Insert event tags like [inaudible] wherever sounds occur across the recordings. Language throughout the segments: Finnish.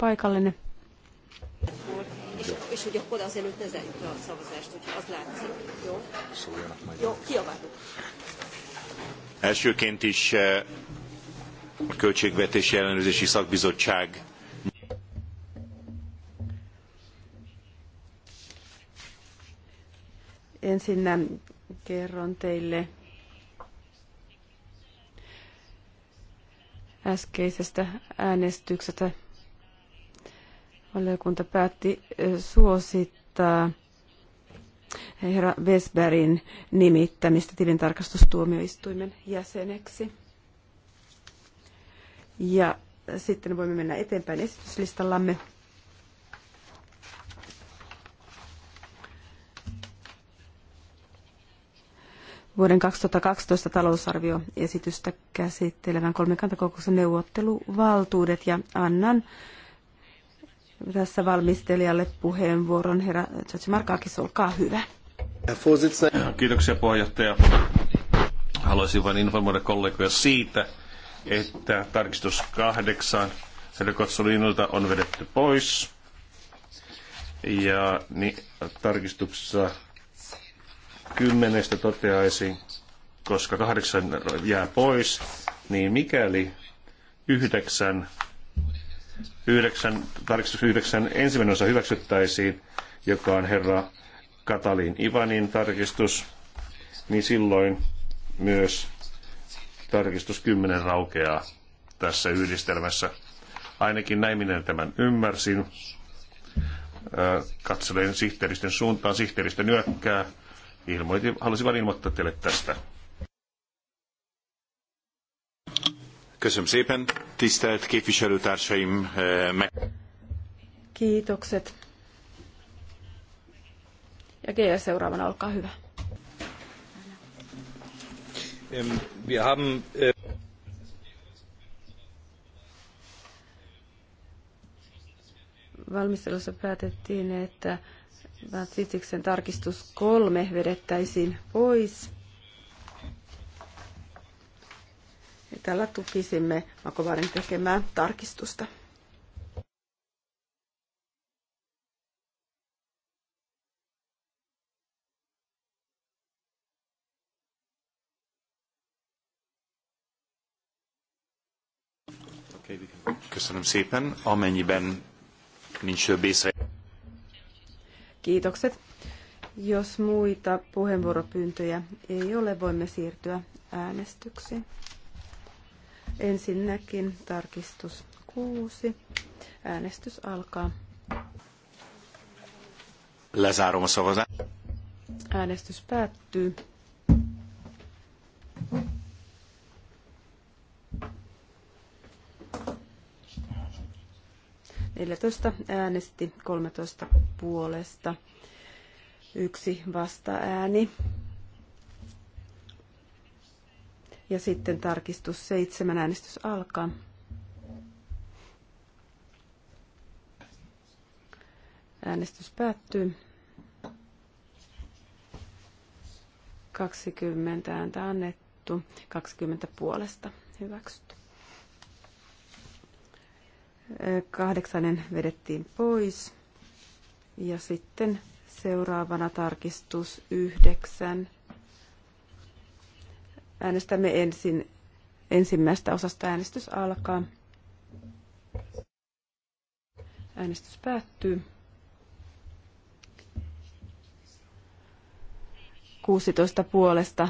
paikallinen. És hogy akkor azelőtt ne zárjuk a szavazást, hogyha az látszik. Jó? Jó, kiabálunk. Elsőként is eh, a Költségvetési Ellenőrzési Szakbizottság ensinnä kerron teille äskeisestä äänestyksestä Valiokunta päätti suosittaa herra Vesbergin nimittämistä tilintarkastustuomioistuimen jäseneksi. Ja sitten voimme mennä eteenpäin esityslistallamme. Vuoden 2012 talousarvioesitystä käsittelevän kolmikantakokouksen neuvotteluvaltuudet ja annan tässä valmistelijalle puheenvuoron. Herra Tsatsimarkakis, olkaa hyvä. Kiitoksia puheenjohtaja. Haluaisin vain informoida kollegoja siitä, että tarkistus kahdeksan Selkotsolinulta on vedetty pois. Ja niin, tarkistuksessa kymmenestä toteaisin, koska kahdeksan jää pois, niin mikäli yhdeksän 9, tarkistus ensimmäinen osa hyväksyttäisiin, joka on herra Katalin Ivanin tarkistus, niin silloin myös tarkistus 10 raukeaa tässä yhdistelmässä. Ainakin näin minä tämän ymmärsin. Katselen sihteeristön suuntaan, sihteeristö nyökkää. Ilmoitin, halusin vain ilmoittaa teille tästä. Köszönöm szépen. Tisztelt képviselőtársaim, eh, meg... Kiitokset. Ja GL seuraavana, olkaa hyvä. Wir haben, eh- Valmistelussa päätettiin, että Sitiksen tarkistus kolme vedettäisiin pois. tällä tukisimme makovarin tekemää tarkistusta. Köszönöm szépen. Amennyiben nincs több észre... Kiitokset. Jos muita puheenvuoropyyntöjä ei ole, voimme siirtyä äänestyksiin. Ensinnäkin tarkistus 6. Äänestys alkaa. Äänestys päättyy. Neljätoista äänesti, kolmetoista puolesta, yksi vasta-ääni. Ja sitten tarkistus seitsemän äänestys alkaa. Äänestys päättyy. 20 ääntä annettu, 20 puolesta hyväksytty. Kahdeksanen vedettiin pois. Ja sitten seuraavana tarkistus yhdeksän Äänestämme ensin ensimmäistä osasta äänestys alkaa. Äänestys päättyy. 16 puolesta,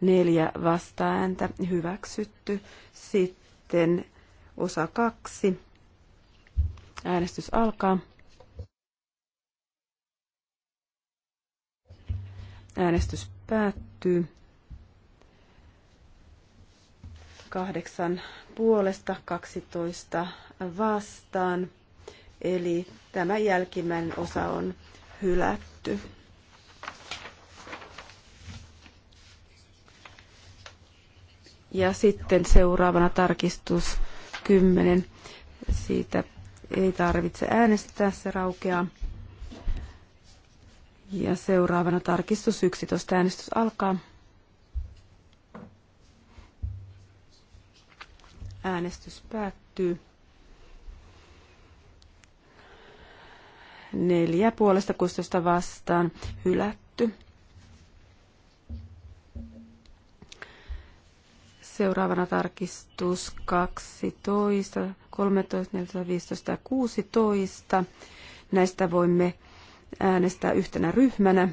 neljä vastaääntä hyväksytty. Sitten osa kaksi. Äänestys alkaa. Äänestys päättyy. 8 puolesta 12 vastaan. Eli tämä jälkimmäinen osa on hylätty. Ja sitten seuraavana tarkistus 10. Siitä ei tarvitse äänestää, se raukeaa. Ja seuraavana tarkistus 11. Äänestys alkaa. Äänestys päättyy. Neljä puolesta kustosta vastaan hylätty. Seuraavana tarkistus 12, 13, 14, 15 ja 16. Näistä voimme äänestää yhtenä ryhmänä.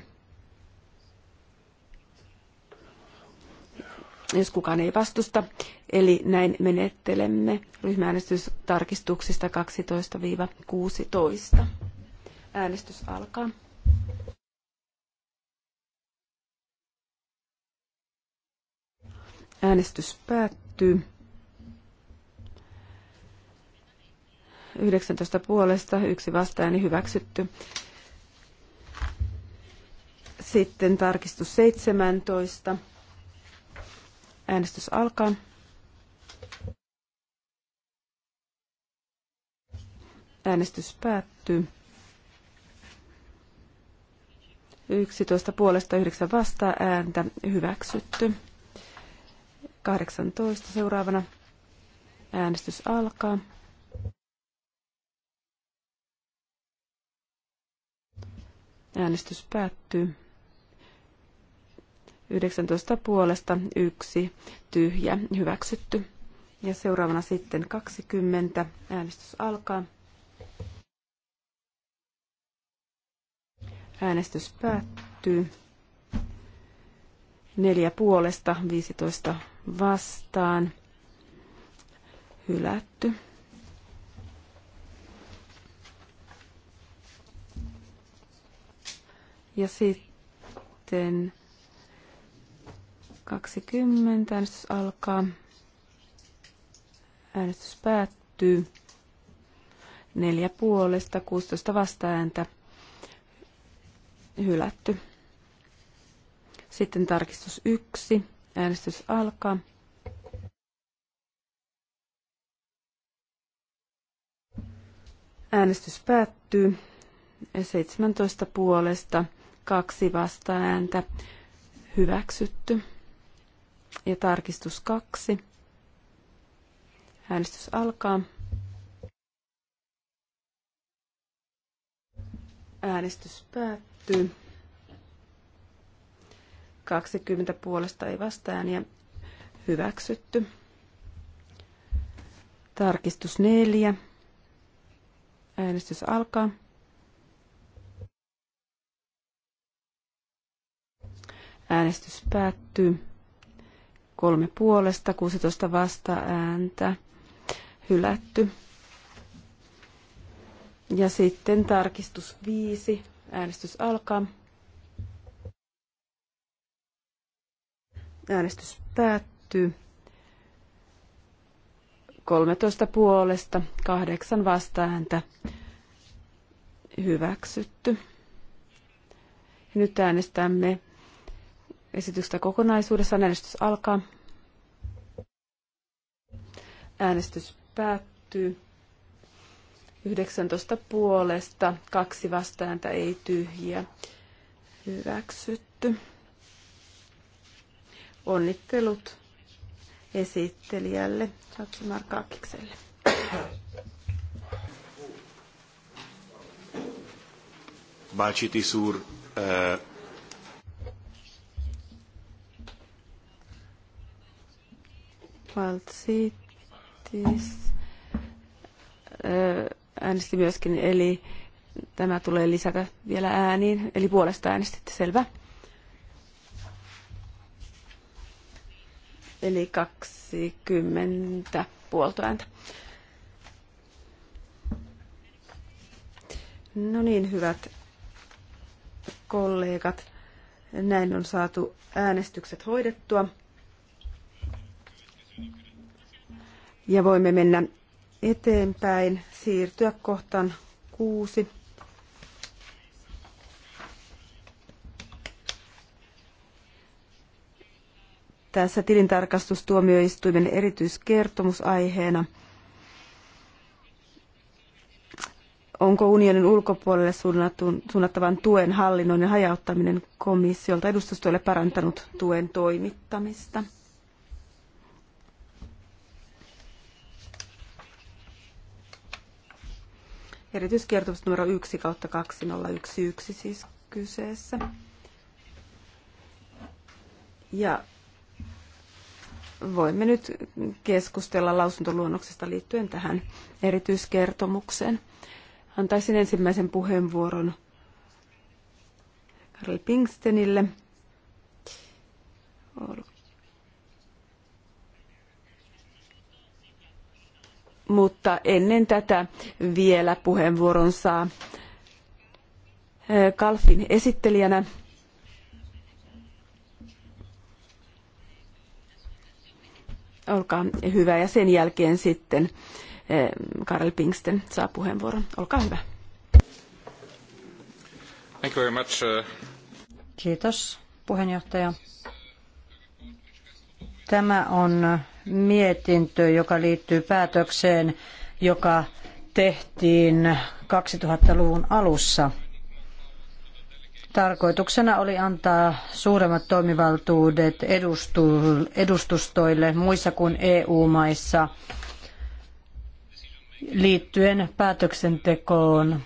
jos kukaan ei vastusta. Eli näin menettelemme ryhmääänestystarkistuksista 12-16. Äänestys alkaa. Äänestys päättyy. 19 puolesta, yksi vastaani hyväksytty. Sitten tarkistus 17. Äänestys alkaa. Äänestys päättyy. 11 puolesta 9 vastaa ääntä hyväksytty. 18 seuraavana äänestys alkaa. Äänestys päättyy. 19 puolesta yksi tyhjä hyväksytty. Ja seuraavana sitten 20. Äänestys alkaa. Äänestys päättyy. Neljä puolesta, 15 vastaan. Hylätty. Ja sitten 20. Äänestys alkaa. Äänestys päättyy. Neljä puolesta, 16 vastaääntä. Hylätty. Sitten tarkistus 1. Äänestys alkaa. Äänestys päättyy. 17 puolesta, kaksi vastaääntä. Hyväksytty ja tarkistus 2. Äänestys alkaa. Äänestys päättyy. 20 puolesta ei vastaan ja hyväksytty. Tarkistus 4. Äänestys alkaa. Äänestys päättyy. Kolme puolesta, 16 vasta-ääntä, hylätty. Ja sitten tarkistus 5, äänestys alkaa. Äänestys päättyy. 13 puolesta, 8 vastaääntä hyväksytty. Ja nyt äänestämme esityksestä kokonaisuudessaan. Äänestys alkaa. Äänestys päättyy. 19 puolesta, kaksi vastaääntä ei tyhjiä. Hyväksytty. Onnittelut esittelijälle Jatsimar Kaakikselle. Bácsiti úr, Valtsit siis äänesti myöskin, eli tämä tulee lisätä vielä ääniin, eli puolesta äänestitte, selvä. Eli 20 puoltoääntä. No niin, hyvät kollegat, näin on saatu äänestykset hoidettua. Ja voimme mennä eteenpäin, siirtyä kohtaan kuusi. Tässä tilintarkastustuomioistuimen erityiskertomusaiheena. Onko unionin ulkopuolelle suunnattavan tuen hallinnon ja hajauttaminen komissiolta edustustoille parantanut tuen toimittamista? Erityiskertomus numero 1 kautta 2011 siis kyseessä. Ja voimme nyt keskustella lausuntoluonnoksesta liittyen tähän erityiskertomukseen. Antaisin ensimmäisen puheenvuoron Karli Pingstenille. Olkaa mutta ennen tätä vielä puheenvuoron saa eh, Kalfin esittelijänä. Olkaa hyvä ja sen jälkeen sitten eh, Karel Pinksten saa puheenvuoron. Olkaa hyvä. Thank you very much. Eh. Kiitos puheenjohtaja. Tämä on mietintö, joka liittyy päätökseen, joka tehtiin 2000-luvun alussa. Tarkoituksena oli antaa suuremmat toimivaltuudet edustustoille muissa kuin EU-maissa liittyen päätöksentekoon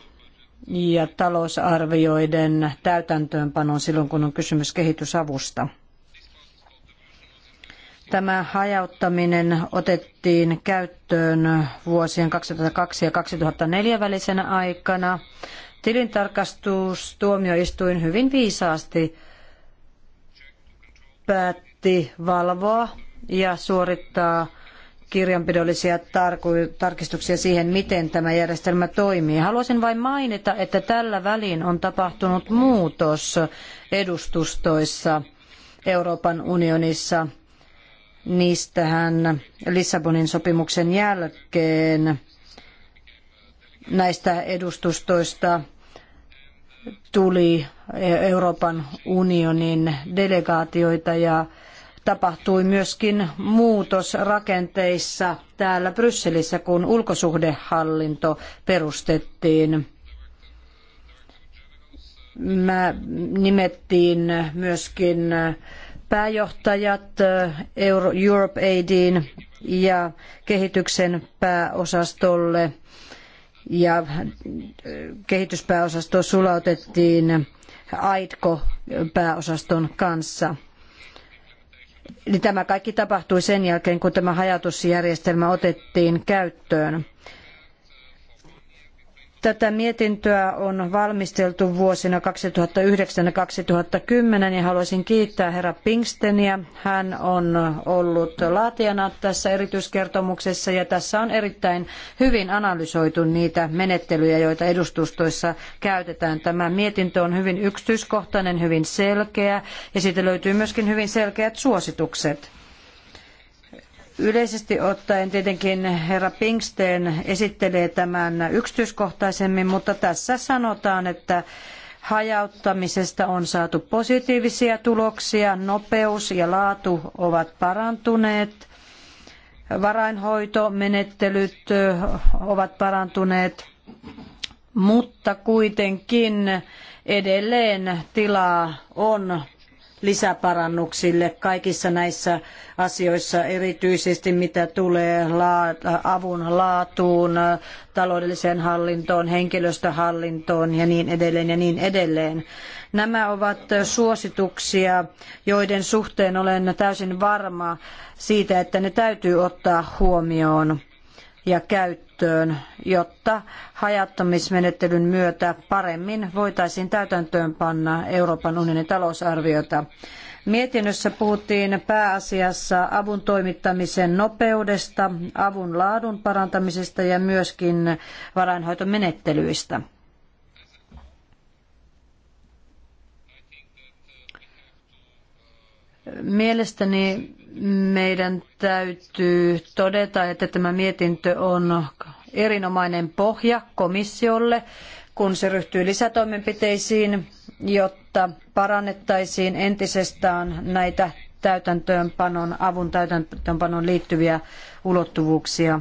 ja talousarvioiden täytäntöönpanoon silloin, kun on kysymys kehitysavusta. Tämä hajauttaminen otettiin käyttöön vuosien 2002 ja 2004 välisenä aikana. Tilintarkastustuomioistuin hyvin viisaasti päätti valvoa ja suorittaa kirjanpidollisia tarkistuksia siihen, miten tämä järjestelmä toimii. Haluaisin vain mainita, että tällä välin on tapahtunut muutos edustustoissa Euroopan unionissa – niistähän Lissabonin sopimuksen jälkeen näistä edustustoista tuli Euroopan unionin delegaatioita ja tapahtui myöskin muutos rakenteissa täällä Brysselissä, kun ulkosuhdehallinto perustettiin. Mä nimettiin myöskin pääjohtajat eh, Euro Europe Aidin ja kehityksen pääosastolle ja eh, kehityspääosasto sulautettiin AIDCO pääosaston kanssa. Niin tämä kaikki tapahtui sen jälkeen, kun tämä hajautusjärjestelmä otettiin käyttöön. Tätä mietintöä on valmisteltu vuosina 2009 ja 2010 ja haluaisin kiittää herra Pinksteniä. Hän on ollut laatijana tässä erityiskertomuksessa ja tässä on erittäin hyvin analysoitu niitä menettelyjä, joita edustustoissa käytetään. Tämä mietintö on hyvin yksityiskohtainen, hyvin selkeä ja siitä löytyy myöskin hyvin selkeät suositukset. Yleisesti ottaen tietenkin herra Pinksten esittelee tämän yksityiskohtaisemmin, mutta tässä sanotaan, että hajauttamisesta on saatu positiivisia tuloksia, nopeus ja laatu ovat parantuneet, varainhoitomenettelyt ovat parantuneet, mutta kuitenkin edelleen tilaa on lisäparannuksille kaikissa näissä asioissa, erityisesti mitä tulee avun laatuun, taloudelliseen hallintoon, henkilöstöhallintoon ja niin edelleen ja niin edelleen. Nämä ovat suosituksia, joiden suhteen olen täysin varma siitä, että ne täytyy ottaa huomioon ja käyttöön käyttöön, jotta hajattamismenettelyn myötä paremmin voitaisiin täytäntöönpanna Euroopan unionin talousarviota. Mietinnössä puhuttiin pääasiassa avun toimittamisen nopeudesta, avun laadun parantamisesta ja myöskin varainhoitomenettelyistä. Mielestäni meidän täytyy todeta, että tämä mietintö on erinomainen pohja komissiolle, kun se ryhtyy lisätoimenpiteisiin, jotta parannettaisiin entisestään näitä täytäntöönpanon, avun täytäntöönpanon liittyviä ulottuvuuksia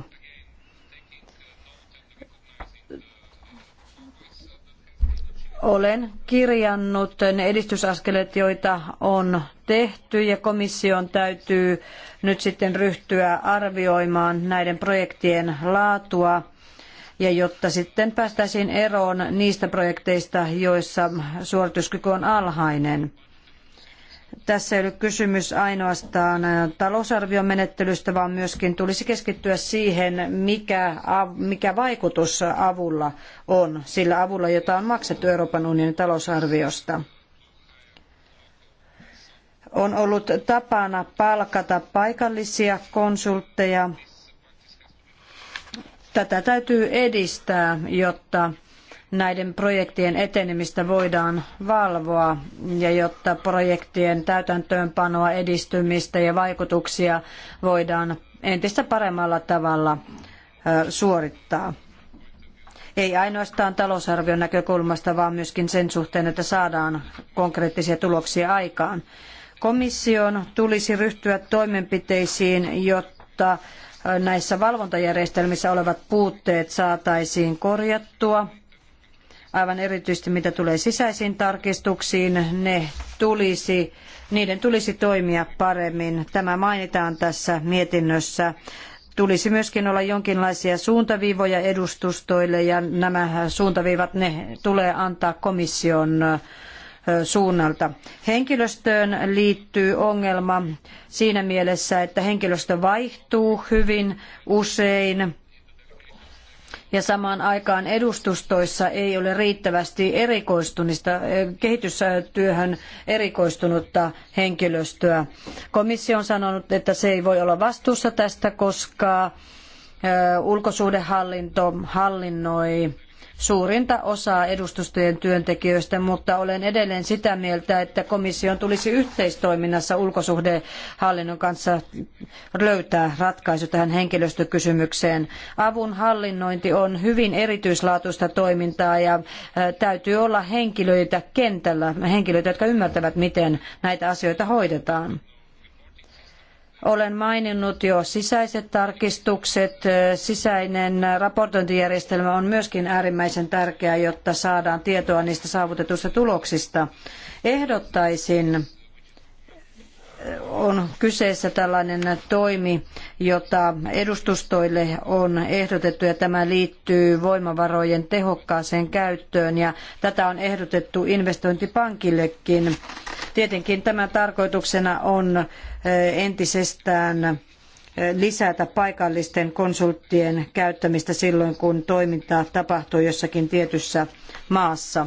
Olen kirjannut ne edistysaskeleet, joita on tehty ja komission täytyy nyt sitten ryhtyä arvioimaan näiden projektien laatua ja jotta sitten päästäisiin eroon niistä projekteista, joissa suorituskyky on alhainen. Tässä ei ole kysymys ainoastaan talousarviomenettelystä, vaan myöskin tulisi keskittyä siihen, mikä, mikä vaikutus avulla on, sillä avulla, jota on maksettu Euroopan unionin talousarviosta on ollut tapana palkata paikallisia konsultteja. Tätä täytyy edistää, jotta näiden projektien etenemistä voidaan valvoa ja jotta projektien täytäntöönpanoa, edistymistä ja vaikutuksia voidaan entistä paremmalla tavalla suorittaa. Ei ainoastaan talousarvion näkökulmasta, vaan myöskin sen suhteen, että saadaan konkreettisia tuloksia aikaan. Komission tulisi ryhtyä toimenpiteisiin, jotta näissä valvontajärjestelmissä olevat puutteet saataisiin korjattua aivan erityisesti mitä tulee sisäisiin tarkistuksiin, ne tulisi, niiden tulisi toimia paremmin. Tämä mainitaan tässä mietinnössä. Tulisi myöskin olla jonkinlaisia suuntaviivoja edustustoille ja nämä suuntaviivat ne tulee antaa komission suunnalta. Henkilöstöön liittyy ongelma siinä mielessä, että henkilöstö vaihtuu hyvin usein ja samaan aikaan edustustoissa ei ole riittävästi erikoistunista, eh, kehitystyöhön erikoistunutta henkilöstöä. Komissio on sanonut, että se ei voi olla vastuussa tästä, koska eh, ulkosuhdehallinto hallinnoi suurinta osaa edustustojen työntekijöistä, mutta olen edelleen sitä mieltä, että komission tulisi yhteistoiminnassa ulkosuhdehallinnon kanssa löytää ratkaisu tähän henkilöstökysymykseen. Avun hallinnointi on hyvin erityislaatuista toimintaa ja äh, täytyy olla henkilöitä kentällä, henkilöitä, jotka ymmärtävät, miten näitä asioita hoidetaan. Olen maininnut jo sisäiset tarkistukset. Sisäinen raportointijärjestelmä on myöskin äärimmäisen tärkeä, jotta saadaan tietoa niistä saavutetuista tuloksista. Ehdottaisin, on kyseessä tällainen toimi, jota edustustoille on ehdotettu ja tämä liittyy voimavarojen tehokkaaseen käyttöön ja tätä on ehdotettu investointipankillekin Tietenkin tämän tarkoituksena on entisestään lisätä paikallisten konsulttien käyttämistä silloin, kun toiminta tapahtuu jossakin tietyssä maassa.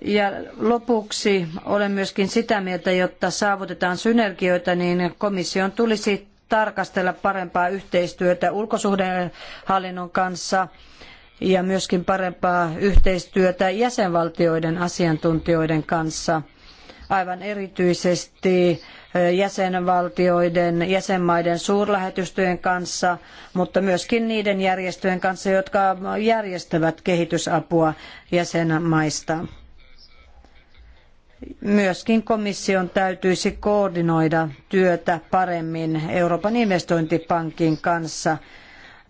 Ja lopuksi olen myöskin sitä mieltä, jotta saavutetaan synergioita, niin komission tulisi tarkastella parempaa yhteistyötä ulkosuhdehallinnon kanssa ja myöskin parempaa yhteistyötä jäsenvaltioiden asiantuntijoiden kanssa aivan erityisesti jäsenvaltioiden, jäsenmaiden suurlähetystöjen kanssa, mutta myöskin niiden järjestöjen kanssa, jotka järjestävät kehitysapua jäsenmaista. Myöskin komission täytyisi koordinoida työtä paremmin Euroopan investointipankin kanssa –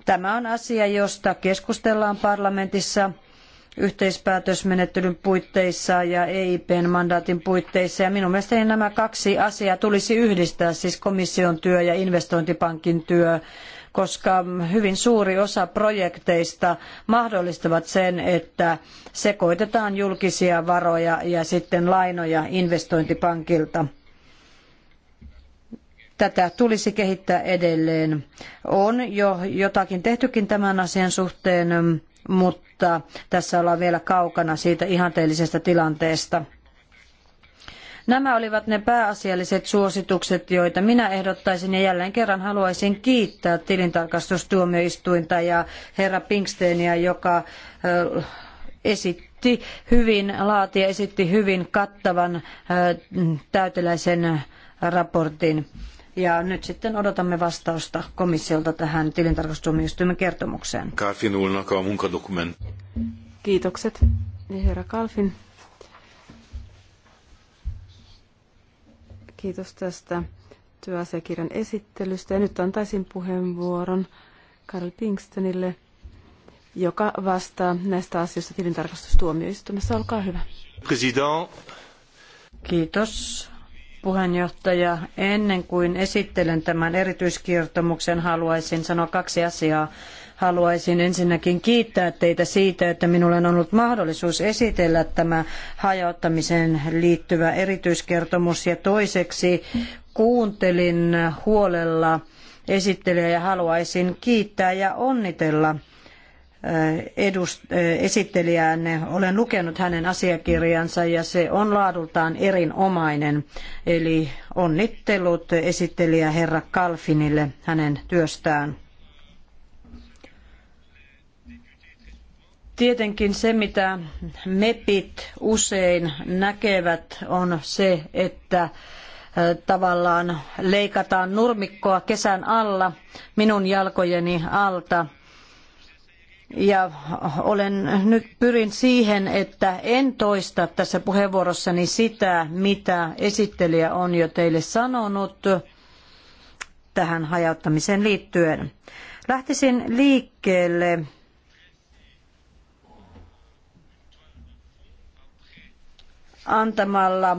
Tämä on asia, josta keskustellaan parlamentissa yhteispäätösmenettelyn puitteissa ja EIPn mandaatin puitteissa. Ja minun mielestäni nämä kaksi asiaa tulisi yhdistää, siis komission työ ja investointipankin työ, koska hyvin suuri osa projekteista mahdollistavat sen, että sekoitetaan julkisia varoja ja sitten lainoja investointipankilta. Tätä tulisi kehittää edelleen. On jo jotakin tehtykin tämän asian suhteen, mutta tässä ollaan vielä kaukana siitä ihanteellisesta tilanteesta. Nämä olivat ne pääasialliset suositukset, joita minä ehdottaisin ja jälleen kerran haluaisin kiittää tilintarkastustuomioistuinta ja herra Pinksteenia, joka esitti hyvin, laati esitti hyvin kattavan täyteläisen raportin. Ja nyt sitten odotamme vastausta komissiolta tähän tilintarkastustuomioistuimen kertomukseen. Kalfin munkadokument. Kiitokset, herra Kalfin. Kiitos tästä työasiakirjan esittelystä. Ja nyt antaisin puheenvuoron Karl Pinkstonille, joka vastaa näistä asioista tilintarkastustuomioistuimessa. Olkaa hyvä. President. Kiitos, Puheenjohtaja, ennen kuin esittelen tämän erityiskertomuksen, haluaisin sanoa kaksi asiaa. Haluaisin ensinnäkin kiittää teitä siitä, että minulla on ollut mahdollisuus esitellä tämä hajauttamiseen liittyvä erityiskertomus. Ja toiseksi kuuntelin huolella esittelijä ja haluaisin kiittää ja onnitella – edust- esittelijäänne. Olen lukenut hänen asiakirjansa ja se on laadultaan erinomainen. Eli onnittelut esittelijä herra Kalfinille hänen työstään. Tietenkin se, mitä MEPit usein näkevät, on se, että tavallaan leikataan nurmikkoa kesän alla minun jalkojeni alta – ja olen nyt pyrin siihen, että en toista tässä puheenvuorossani sitä, mitä esittelijä on jo teille sanonut tähän hajauttamiseen liittyen. Lähtisin liikkeelle antamalla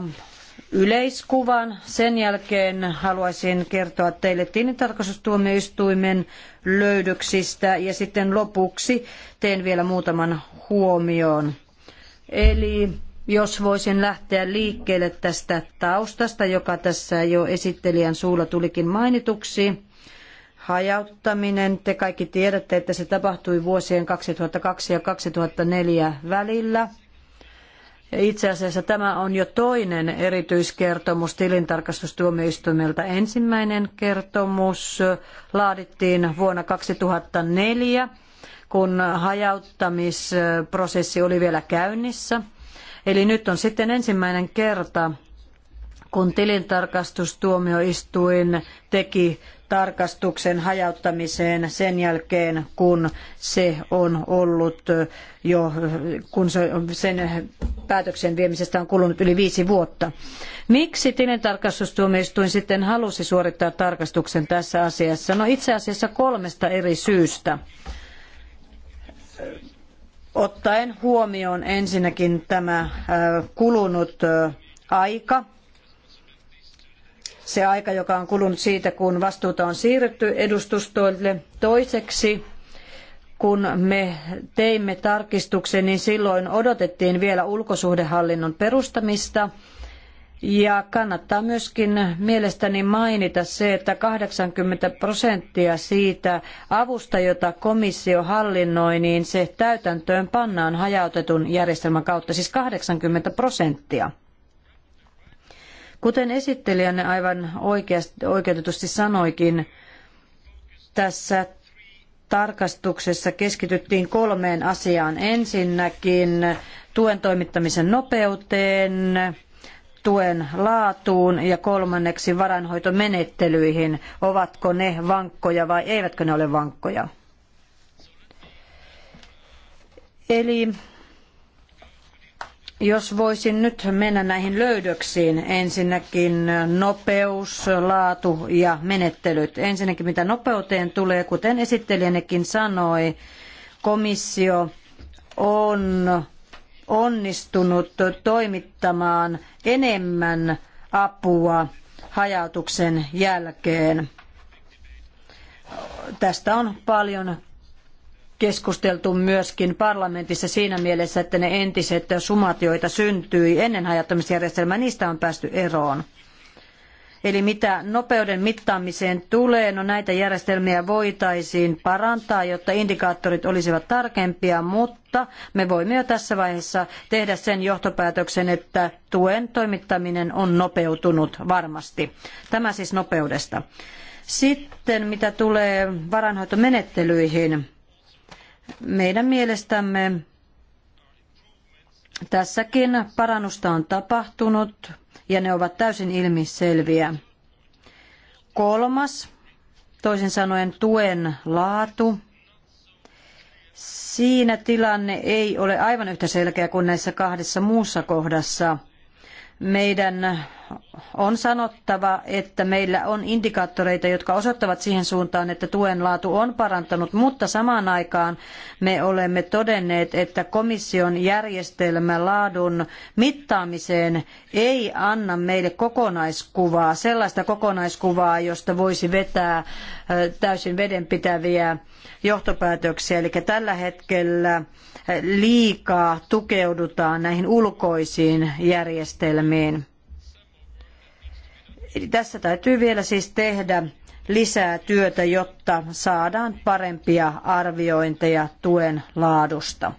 yleiskuvan. Sen jälkeen haluaisin kertoa teille tilintarkastustuomioistuimen löydöksistä ja sitten lopuksi teen vielä muutaman huomion. Eli jos voisin lähteä liikkeelle tästä taustasta, joka tässä jo esittelijän suulla tulikin mainituksi. Hajauttaminen, te kaikki tiedätte, että se tapahtui vuosien 2002 ja 2004 välillä. Itse asiassa tämä on jo toinen erityiskertomus tilintarkastustuomioistuimelta. Ensimmäinen kertomus laadittiin vuonna 2004, kun hajauttamisprosessi oli vielä käynnissä. Eli nyt on sitten ensimmäinen kerta, kun tilintarkastustuomioistuin teki tarkastuksen hajauttamiseen sen jälkeen, kun se on ollut jo, kun se, sen päätöksen viemisestä on kulunut yli viisi vuotta. Miksi tilintarkastustuomioistuin sitten halusi suorittaa tarkastuksen tässä asiassa? No itse asiassa kolmesta eri syystä ottaen huomioon ensinnäkin tämä äh, kulunut äh, aika se aika, joka on kulunut siitä, kun vastuuta on siirretty edustustoille. Toiseksi kun me teimme tarkistuksen, niin silloin odotettiin vielä ulkosuhdehallinnon perustamista. Ja kannattaa myöskin mielestäni mainita se, että 80 prosenttia siitä avusta, jota komissio hallinnoi, niin se täytäntöön pannaan hajautetun järjestelmän kautta, siis 80 prosenttia. Kuten esittelijänne aivan oikeutetusti sanoikin, tässä tarkastuksessa keskityttiin kolmeen asiaan. Ensinnäkin tuen toimittamisen nopeuteen, tuen laatuun ja kolmanneksi varainhoitomenettelyihin. Ovatko ne vankkoja vai eivätkö ne ole vankkoja? Eli jos voisin nyt mennä näihin löydöksiin, ensinnäkin nopeus, laatu ja menettelyt. Ensinnäkin mitä nopeuteen tulee, kuten esittelijänekin sanoi, komissio on onnistunut toimittamaan enemmän apua hajautuksen jälkeen. Tästä on paljon keskusteltu myöskin parlamentissa siinä mielessä, että ne entiset sumat, joita syntyi ennen hajattamisjärjestelmää, niistä on päästy eroon. Eli mitä nopeuden mittaamiseen tulee, no näitä järjestelmiä voitaisiin parantaa, jotta indikaattorit olisivat tarkempia, mutta me voimme jo tässä vaiheessa tehdä sen johtopäätöksen, että tuen toimittaminen on nopeutunut varmasti. Tämä siis nopeudesta. Sitten mitä tulee varanhoitomenettelyihin, meidän mielestämme tässäkin parannusta on tapahtunut ja ne ovat täysin ilmiselviä. Kolmas, toisin sanoen tuen laatu. Siinä tilanne ei ole aivan yhtä selkeä kuin näissä kahdessa muussa kohdassa. Meidän on sanottava, että meillä on indikaattoreita, jotka osoittavat siihen suuntaan, että tuen laatu on parantanut, mutta samaan aikaan me olemme todenneet, että komission järjestelmä laadun mittaamiseen ei anna meille kokonaiskuvaa, sellaista kokonaiskuvaa, josta voisi vetää täysin vedenpitäviä johtopäätöksiä. Eli tällä hetkellä liikaa tukeudutaan näihin ulkoisiin järjestelmiin. Eli tässä täytyy vielä siis tehdä lisää työtä, jotta saadaan parempia arviointeja tuen laadusta.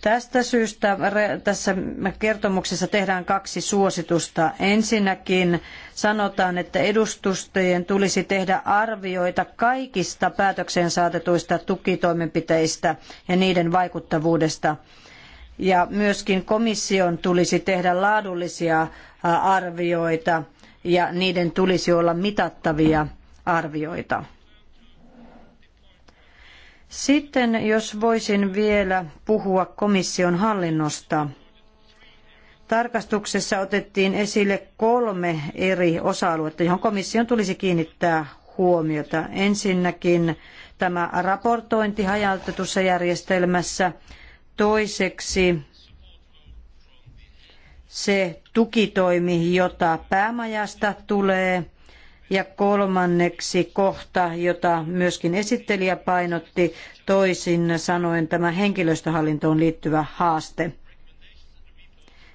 Tästä syystä tässä kertomuksessa tehdään kaksi suositusta. Ensinnäkin sanotaan, että edustustojen tulisi tehdä arvioita kaikista päätökseen saatetuista tukitoimenpiteistä ja niiden vaikuttavuudesta. Ja myöskin komission tulisi tehdä laadullisia arvioita ja niiden tulisi olla mitattavia arvioita. Sitten jos voisin vielä puhua komission hallinnosta. Tarkastuksessa otettiin esille kolme eri osa-aluetta, johon komission tulisi kiinnittää huomiota. Ensinnäkin tämä raportointi hajautetussa järjestelmässä, toiseksi se tukitoimi, jota päämajasta tulee, ja kolmanneksi kohta, jota myöskin esittelijä painotti, toisin sanoen tämä henkilöstöhallintoon liittyvä haaste.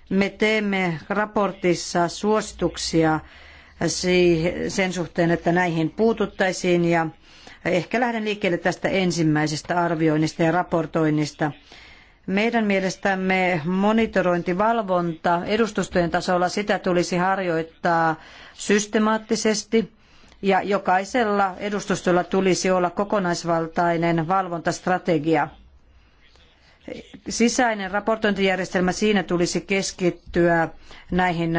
Me teemme raportissa suosituksia sen suhteen, että näihin puututtaisiin ja ehkä lähden liikkeelle tästä ensimmäisestä arvioinnista ja raportoinnista. Meidän mielestämme monitorointivalvonta edustustojen tasolla sitä tulisi harjoittaa systemaattisesti ja jokaisella edustustolla tulisi olla kokonaisvaltainen valvontastrategia. Sisäinen raportointijärjestelmä siinä tulisi keskittyä näihin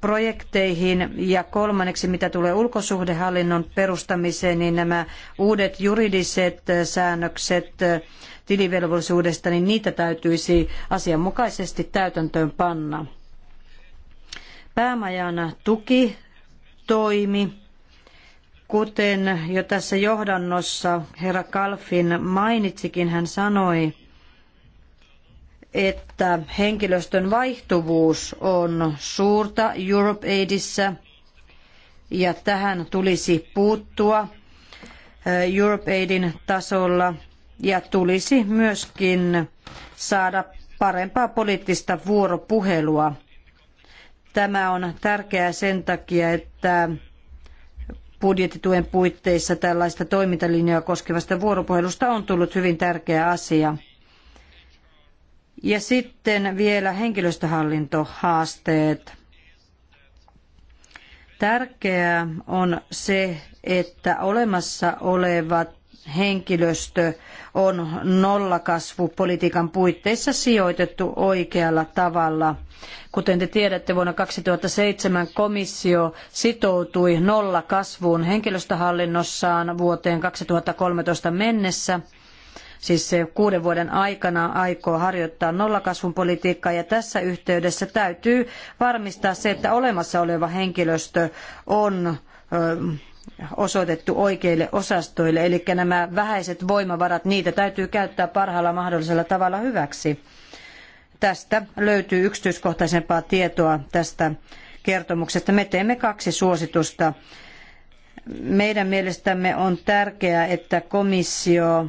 projekteihin ja kolmanneksi mitä tulee ulkosuhdehallinnon perustamiseen, niin nämä uudet juridiset säännökset tilivelvollisuudesta, niin niitä täytyisi asianmukaisesti täytäntöön panna. Päämajan tuki toimi, kuten jo tässä johdannossa herra Kalfin mainitsikin, hän sanoi, että henkilöstön vaihtuvuus on suurta Europe ja tähän tulisi puuttua Europe Aidin tasolla ja tulisi myöskin saada parempaa poliittista vuoropuhelua. Tämä on tärkeää sen takia, että budjettituen puitteissa tällaista toimintalinjaa koskevasta vuoropuhelusta on tullut hyvin tärkeä asia. Ja sitten vielä henkilöstöhallintohaasteet. Tärkeää on se, että olemassa olevat henkilöstö on nollakasvupolitiikan puitteissa sijoitettu oikealla tavalla. Kuten te tiedätte, vuonna 2007 komissio sitoutui nollakasvuun henkilöstöhallinnossaan vuoteen 2013 mennessä siis kuuden vuoden aikana aikoo harjoittaa nollakasvun politiikkaa ja tässä yhteydessä täytyy varmistaa se, että olemassa oleva henkilöstö on osoitettu oikeille osastoille, eli nämä vähäiset voimavarat, niitä täytyy käyttää parhaalla mahdollisella tavalla hyväksi. Tästä löytyy yksityiskohtaisempaa tietoa tästä kertomuksesta. Me teemme kaksi suositusta. Meidän mielestämme on tärkeää, että komissio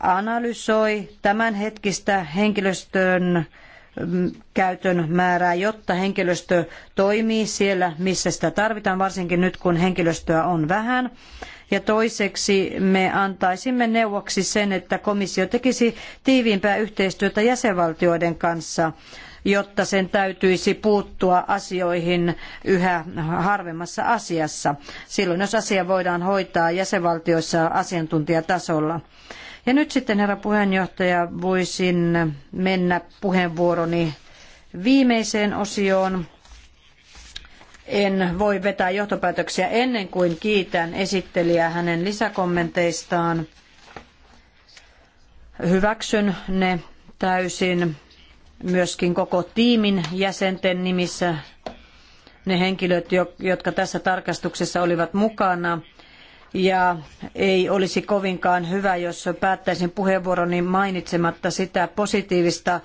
analysoi tämänhetkistä henkilöstön Mm, käytön määrää, jotta henkilöstö toimii siellä, missä sitä tarvitaan, varsinkin nyt kun henkilöstöä on vähän. Ja toiseksi me antaisimme neuvoksi sen, että komissio tekisi tiiviimpää yhteistyötä jäsenvaltioiden kanssa jotta sen täytyisi puuttua asioihin yhä harvemmassa asiassa. Silloin, jos asia voidaan hoitaa jäsenvaltioissa asiantuntijatasolla. Ja nyt sitten, herra puheenjohtaja, voisin mennä puheenvuoroni viimeiseen osioon. En voi vetää johtopäätöksiä ennen kuin kiitän esittelijää hänen lisäkommenteistaan. Hyväksyn ne täysin myöskin koko tiimin jäsenten nimissä ne henkilöt, jotka tässä tarkastuksessa olivat mukana ja ei olisi kovinkaan hyvä, jos päättäisin puheenvuoroni mainitsematta sitä positiivista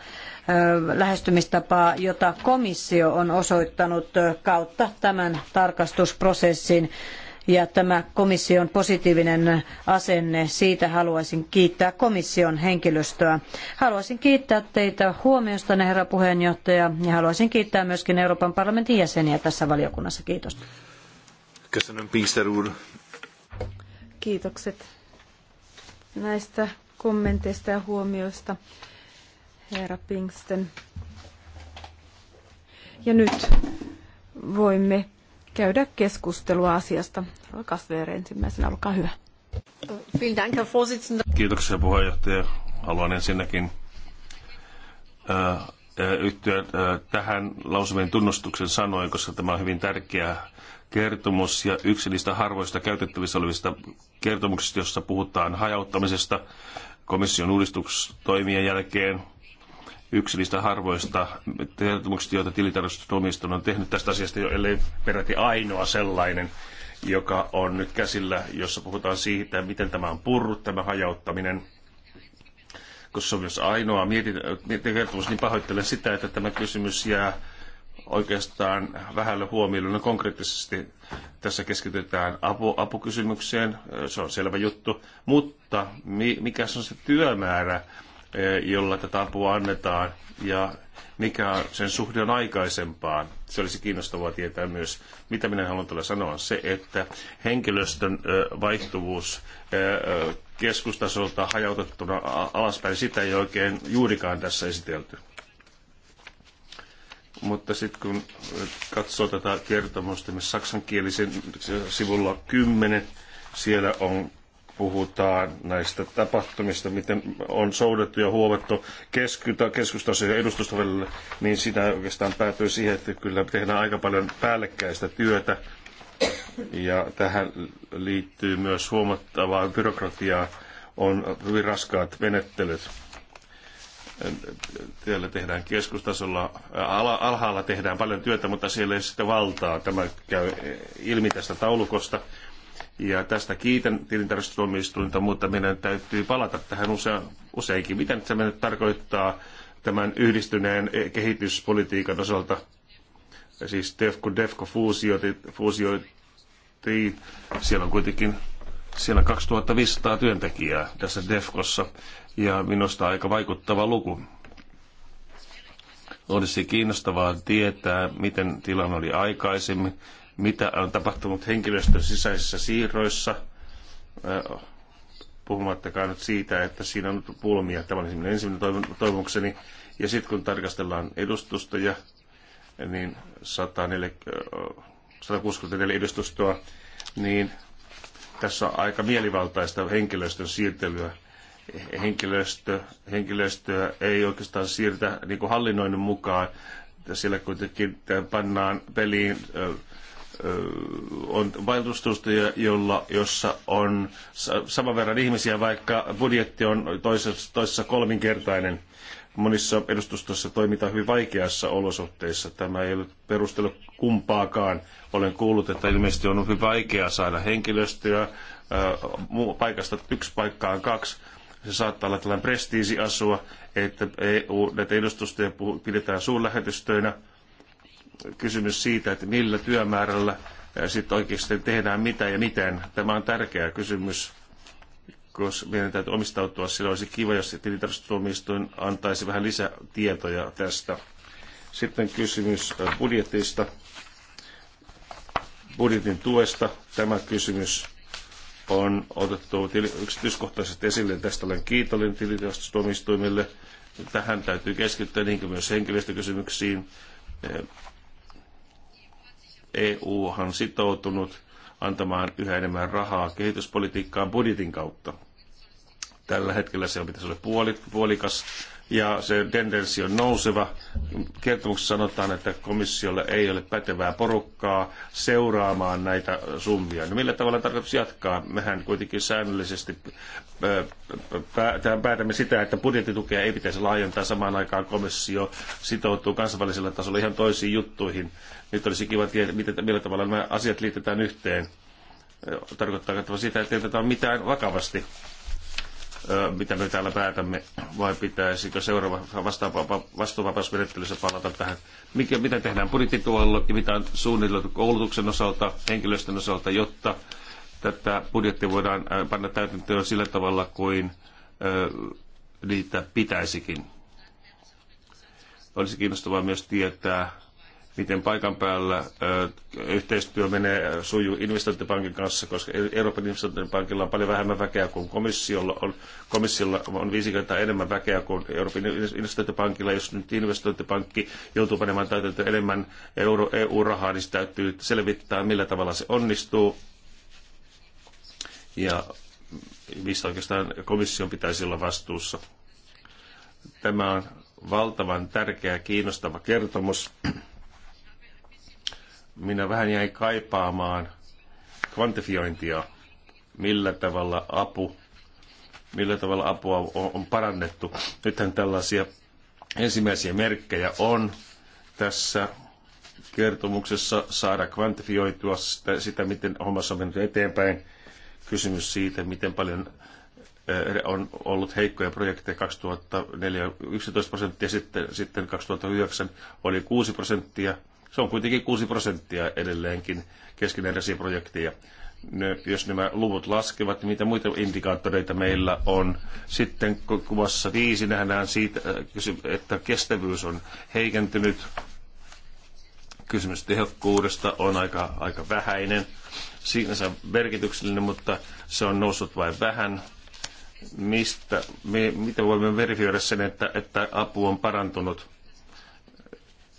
lähestymistapaa, jota komissio on osoittanut kautta tämän tarkastusprosessin. Ja tämä komission positiivinen asenne, siitä haluaisin kiittää komission henkilöstöä. Haluaisin kiittää teitä huomiostanne, herra puheenjohtaja, ja haluaisin kiittää myöskin Euroopan parlamentin jäseniä tässä valiokunnassa. Kiitos. Köszönöm, Kiitokset näistä kommenteista ja huomioista, herra Pinksten. Ja nyt voimme käydä keskustelua asiasta. Kasveer ensimmäisenä, olkaa hyvä. Kiitoksia puheenjohtaja. Haluan ensinnäkin äh, äh, yhtyä äh, tähän lausumien tunnustuksen sanoin, koska tämä on hyvin tärkeä kertomus ja yksi niistä harvoista käytettävissä olevista kertomuksista, jossa puhutaan hajauttamisesta komission uudistustoimien jälkeen. Yksi niistä harvoista kertomuksista, joita tilitarkastustuomioistuin on tehnyt tästä asiasta jo, ellei peräti ainoa sellainen, joka on nyt käsillä, jossa puhutaan siitä, miten tämä on purrut, tämä hajauttaminen koska se on myös ainoa mietin, kertomus, niin pahoittelen sitä, että tämä kysymys jää oikeastaan vähälle huomiolle. No konkreettisesti tässä keskitytään apu, apukysymykseen, se on selvä juttu, mutta mi, mikä on se työmäärä, eh, jolla tätä apua annetaan ja mikä on sen suhde on aikaisempaan. Se olisi kiinnostavaa tietää myös. Mitä minä haluan tällä sanoa se, että henkilöstön eh, vaihtuvuus eh, keskustasolta hajautettuna alaspäin, sitä ei oikein juurikaan tässä esitelty. Mutta sitten kun katsoo tätä kertomusta, missä saksankielisen sivulla 10, siellä on puhutaan näistä tapahtumista, miten on soudettu ja huovattu keskustason ja edustusta niin sitä oikeastaan päätyy siihen, että kyllä tehdään aika paljon päällekkäistä työtä. Ja tähän liittyy myös huomattavaa byrokratiaa, on hyvin raskaat menettelyt siellä tehdään keskustasolla, alhaalla tehdään paljon työtä, mutta siellä ei sitten valtaa. Tämä käy ilmi tästä taulukosta. Ja tästä kiitän tilintarkastustuomioistuinta, mutta meidän täytyy palata tähän usein useinkin. Mitä nyt tämä nyt tarkoittaa tämän yhdistyneen kehityspolitiikan osalta? Siis DEFCO, DEFCO fuusioitiin. Siellä on kuitenkin siellä 2500 työntekijää tässä DEFCOssa ja minusta aika vaikuttava luku. Olisi kiinnostavaa tietää, miten tilanne oli aikaisemmin, mitä on tapahtunut henkilöstön sisäisissä siirroissa, eh, puhumattakaan nyt siitä, että siinä on pulmia. Tämä oli ensimmäinen toivomukseni. Ja sitten kun tarkastellaan edustusta ja niin 164 eh, edustustoa, niin tässä on aika mielivaltaista henkilöstön siirtelyä henkilöstö, henkilöstöä ei oikeastaan siirtä niin kuin hallinnoinnin mukaan. Sillä kuitenkin pannaan peliin on valtuustoja, jolla, jossa on saman verran ihmisiä, vaikka budjetti on toisessa, toisessa kolminkertainen. Monissa edustustossa toimitaan hyvin vaikeassa olosuhteissa. Tämä ei ole perustelu kumpaakaan. Olen kuullut, että ilmeisesti on hyvin vaikeaa saada henkilöstöä paikasta yksi paikkaan kaksi se saattaa olla tällainen prestiisiasua, että EU näitä edustustoja pidetään suurlähetystöinä. Kysymys siitä, että millä työmäärällä sitten oikeasti tehdään mitä ja miten. Tämä on tärkeä kysymys, koska meidän täytyy omistautua. Sillä olisi kiva, jos tilintarkastustuomioistuin antaisi vähän lisätietoja tästä. Sitten kysymys budjetista, budjetin tuesta. Tämä kysymys on otettu yksityiskohtaisesti esille. Tästä olen kiitollinen tilitastustuomioistuimille. Tähän täytyy keskittyä niin kuin myös henkilöstökysymyksiin. EU eh, e on sitoutunut antamaan yhä enemmän rahaa kehityspolitiikkaan budjetin kautta. Tällä hetkellä se on pitäisi olla puolikas ja se tendenssi on nouseva. Kertomuksessa sanotaan, että komissiolla ei ole pätevää porukkaa seuraamaan näitä summia. No millä tavalla tarkoitus jatkaa? Mehän kuitenkin säännöllisesti päätämme sitä, että budjettitukea ei pitäisi laajentaa samaan aikaan komissio sitoutuu kansainvälisellä tasolla ihan toisiin juttuihin. Nyt olisi kiva tietää, millä tavalla nämä asiat liitetään yhteen. Tarkoittaako tämä sitä, että ei oteta mitään vakavasti? mitä me täällä päätämme, vai pitäisikö seuraava vastuuvapausmenettelyssä palata tähän, mikä, mitä tehdään budjettituella ja mitä on suunniteltu koulutuksen osalta, henkilöstön osalta, jotta tätä budjettia voidaan panna täytäntöön sillä tavalla kuin niitä pitäisikin. Olisi kiinnostavaa myös tietää, miten paikan päällä yhteistyö menee sujuu investointipankin kanssa, koska Euroopan investointipankilla on paljon vähemmän väkeä kuin komissiolla on, komissiolla on viisi kertaa enemmän väkeä kuin Euroopan investointipankilla. Jos nyt investointipankki joutuu panemaan täytäntöön enemmän euro, EU-rahaa, niin se täytyy selvittää, millä tavalla se onnistuu. Ja mistä oikeastaan komission pitäisi olla vastuussa. Tämä on valtavan tärkeä, kiinnostava kertomus minä vähän jäin kaipaamaan kvantifiointia, millä tavalla apu, millä tavalla apua on parannettu. Nythän tällaisia ensimmäisiä merkkejä on tässä kertomuksessa saada kvantifioitua sitä, sitä miten hommassa on mennyt eteenpäin. Kysymys siitä, miten paljon eh, on ollut heikkoja projekteja 2004 11 prosenttia, sitten, sitten 2009 oli 6 prosenttia, se on kuitenkin 6 prosenttia edelleenkin keskinäisiä projekteja. Jos nämä luvut laskevat, niin mitä muita indikaattoreita meillä on? Sitten kuvassa viisi nähdään siitä, äh, että kestävyys on heikentynyt. Kysymys tehokkuudesta on aika, aika vähäinen. Siinä se on merkityksellinen, mutta se on noussut vain vähän mistä, me, miten voimme verifioida sen, että, että apu on parantunut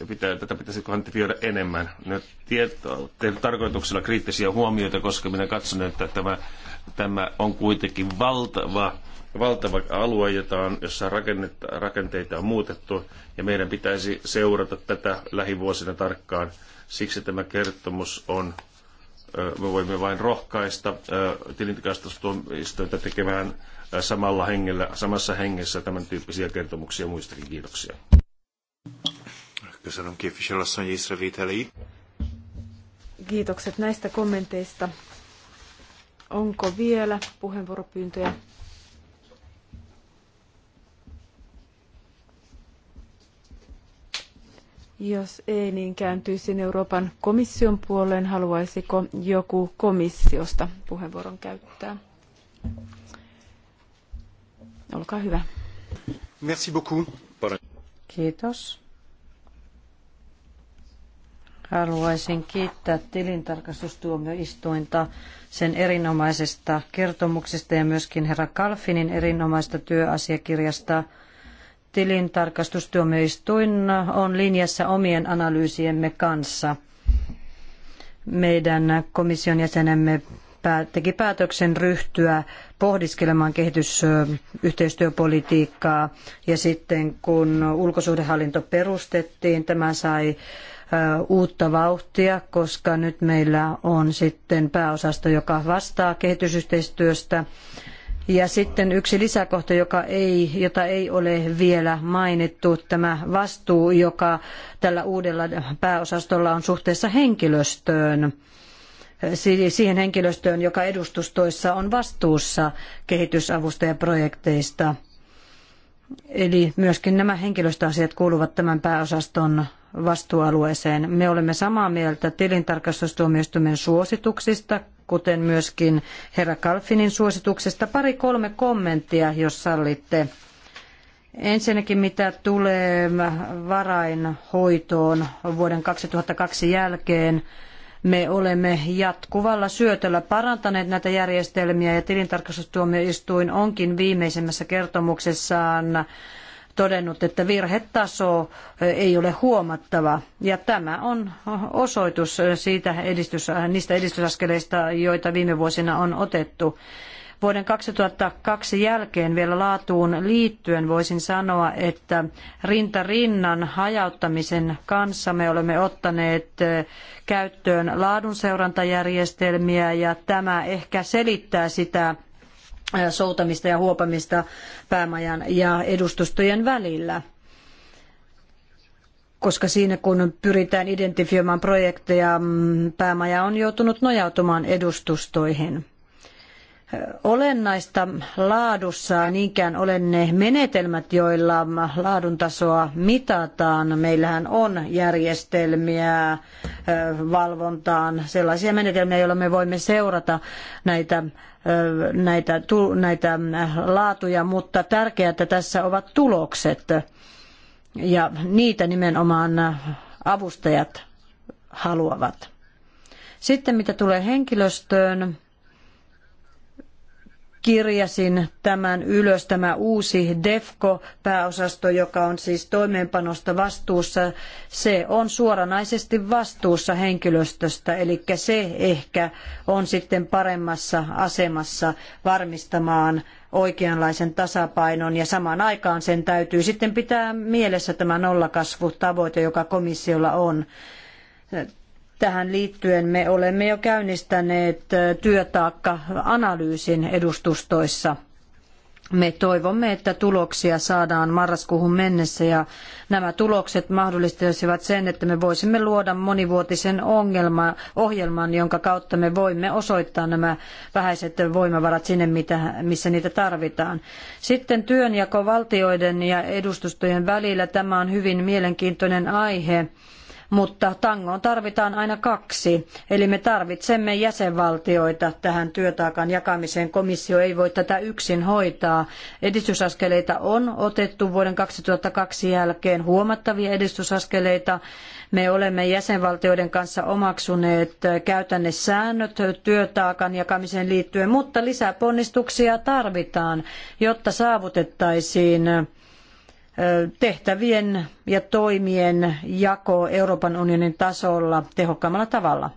pitää, tätä pitäisi kvantifioida enemmän. Nyt tieto, tarkoituksella kriittisiä huomioita, koska minä katson, että tämä, tämä on kuitenkin valtava, valtava alue, jota on, jossa rakennetta, rakenteita on muutettu, ja meidän pitäisi seurata tätä lähivuosina tarkkaan. Siksi tämä kertomus on, me voimme vain rohkaista tilintikastustuomistoita tekemään samalla hengellä, samassa hengessä tämän tyyppisiä kertomuksia muistakin. Kiitoksia. Köszönöm képviselőasszony észrevételeit. Kiitokset näistä kommenteista. Onko vielä puheenvuoropyyntöjä? Jos ei, niin kääntyisin Euroopan komission puoleen. Haluaisiko joku komissiosta puheenvuoron käyttää? Olkaa hyvä. Merci beaucoup. Kiitos. Haluaisin kiittää tilintarkastustuomioistuinta sen erinomaisesta kertomuksesta ja myöskin herra Kalfinin erinomaista työasiakirjasta. Tilintarkastustuomioistuin on linjassa omien analyysiemme kanssa. Meidän komission jäsenemme teki päätöksen ryhtyä pohdiskelemaan kehitysyhteistyöpolitiikkaa ja sitten kun ulkosuhdehallinto perustettiin, tämä sai uutta vauhtia, koska nyt meillä on sitten pääosasto, joka vastaa kehitysyhteistyöstä. Ja sitten yksi lisäkohta, joka ei, jota ei ole vielä mainittu, tämä vastuu, joka tällä uudella pääosastolla on suhteessa henkilöstöön siihen henkilöstöön, joka edustustoissa on vastuussa kehitysavusta ja projekteista. Eli myöskin nämä henkilöstöasiat kuuluvat tämän pääosaston vastuualueeseen. Me olemme samaa mieltä tilintarkastustuomioistuimen suosituksista, kuten myöskin herra Kalfinin suosituksesta. Pari kolme kommenttia, jos sallitte. Ensinnäkin mitä tulee varainhoitoon vuoden 2002 jälkeen, me olemme jatkuvalla syötöllä parantaneet näitä järjestelmiä ja tilintarkastustuomioistuin onkin viimeisimmässä kertomuksessaan todennut, että virhetaso ei ole huomattava. Ja tämä on osoitus siitä edistys, niistä edistysaskeleista, joita viime vuosina on otettu. Vuoden 2002 jälkeen vielä laatuun liittyen voisin sanoa, että rinta rinnan hajauttamisen kanssa me olemme ottaneet käyttöön laadunseurantajärjestelmiä ja tämä ehkä selittää sitä soutamista ja huopamista päämajan ja edustustojen välillä koska siinä kun pyritään identifioimaan projekteja, mm, päämaja on joutunut nojautumaan edustustoihin olennaista laadussa niinkään ole ne menetelmät, joilla laadun tasoa mitataan. Meillähän on järjestelmiä valvontaan, sellaisia menetelmiä, joilla me voimme seurata näitä näitä, näitä laatuja, mutta tärkeää tässä ovat tulokset ja niitä nimenomaan avustajat haluavat. Sitten mitä tulee henkilöstöön, kirjasin tämän ylös, tämä uusi DEFCO-pääosasto, joka on siis toimeenpanosta vastuussa, se on suoranaisesti vastuussa henkilöstöstä, eli se ehkä on sitten paremmassa asemassa varmistamaan oikeanlaisen tasapainon ja samaan aikaan sen täytyy sitten pitää mielessä tämä nollakasvutavoite, joka komissiolla on Tähän liittyen me olemme jo käynnistäneet työtaakka-analyysin edustustoissa. Me toivomme, että tuloksia saadaan marraskuuhun mennessä ja nämä tulokset mahdollistaisivat sen, että me voisimme luoda monivuotisen ongelma, ohjelman, jonka kautta me voimme osoittaa nämä vähäiset voimavarat sinne, mitä, missä niitä tarvitaan. Sitten työnjako valtioiden ja edustustojen välillä. Tämä on hyvin mielenkiintoinen aihe mutta tangoon tarvitaan aina kaksi. Eli me tarvitsemme jäsenvaltioita tähän työtaakan jakamiseen. Komissio ei voi tätä yksin hoitaa. Edistysaskeleita on otettu vuoden 2002 jälkeen huomattavia edistysaskeleita. Me olemme jäsenvaltioiden kanssa omaksuneet käytännesäännöt työtaakan jakamiseen liittyen, mutta lisäponnistuksia tarvitaan, jotta saavutettaisiin tehtävien ja toimien jako Euroopan unionin tasolla tehokkaammalla tavalla.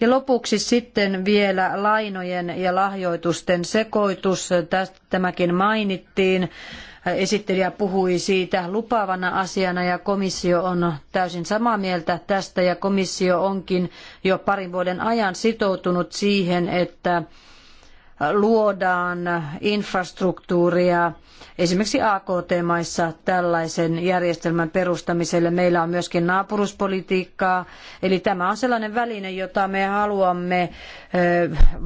Ja lopuksi sitten vielä lainojen ja lahjoitusten sekoitus. Tämäkin mainittiin. Esittelijä puhui siitä lupaavana asiana ja komissio on täysin samaa mieltä tästä ja komissio onkin jo parin vuoden ajan sitoutunut siihen, että luodaan infrastruktuuria esimerkiksi AKT-maissa tällaisen järjestelmän perustamiselle. Meillä on myöskin naapuruspolitiikkaa, eli tämä on sellainen väline, jota me haluamme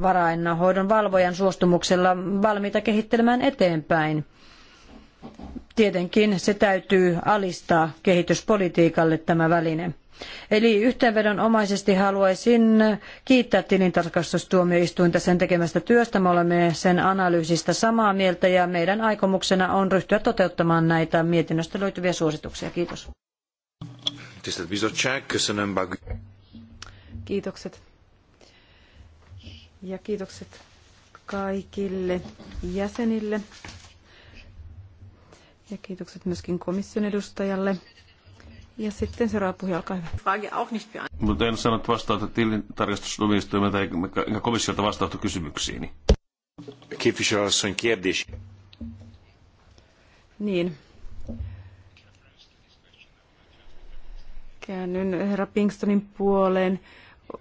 varainhoidon valvojan suostumuksella valmiita kehittelemään eteenpäin. Tietenkin se täytyy alistaa kehityspolitiikalle tämä väline. Eli yhteenvedonomaisesti haluaisin kiittää tilintarkastustuomioistuinta sen tekemästä työstä. Me olemme sen analyysistä samaa mieltä ja meidän aikomuksena on ryhtyä toteuttamaan näitä mietinnöstä löytyviä suosituksia. Kiitos. Kiitokset. Ja kiitokset kaikille jäsenille. Ja kiitokset myöskin komission edustajalle. Ja sitten seuraava olkaa hyvä. Mutta en sanonut vastausta tilintarkastustuomioistuimelta eikä komissiolta vastausta kysymyksiini. Képviselőasszony kérdés. Niin. Käännyn herra Pinkstonin puoleen.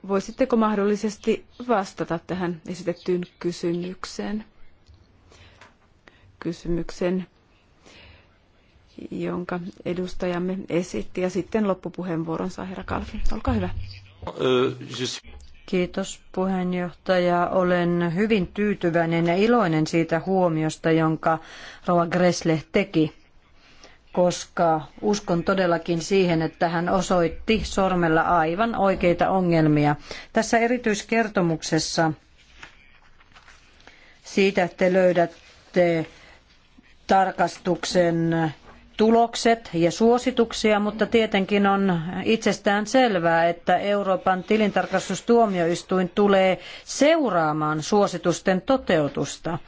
Voisitteko mahdollisesti vastata tähän esitettyyn kysymykseen? Kysymyksen jonka edustajamme esitti. Ja sitten saa herra Kalfin. Olkaa hyvä. Kiitos puheenjohtaja. Olen hyvin tyytyväinen ja iloinen siitä huomiosta, jonka Roa Gresle teki, koska uskon todellakin siihen, että hän osoitti sormella aivan oikeita ongelmia. Tässä erityiskertomuksessa siitä te löydätte tarkastuksen tulokset ja suosituksia, mutta tietenkin on itsestään selvää, että Euroopan tilintarkastustuomioistuin tulee seuraamaan suositusten toteutusta.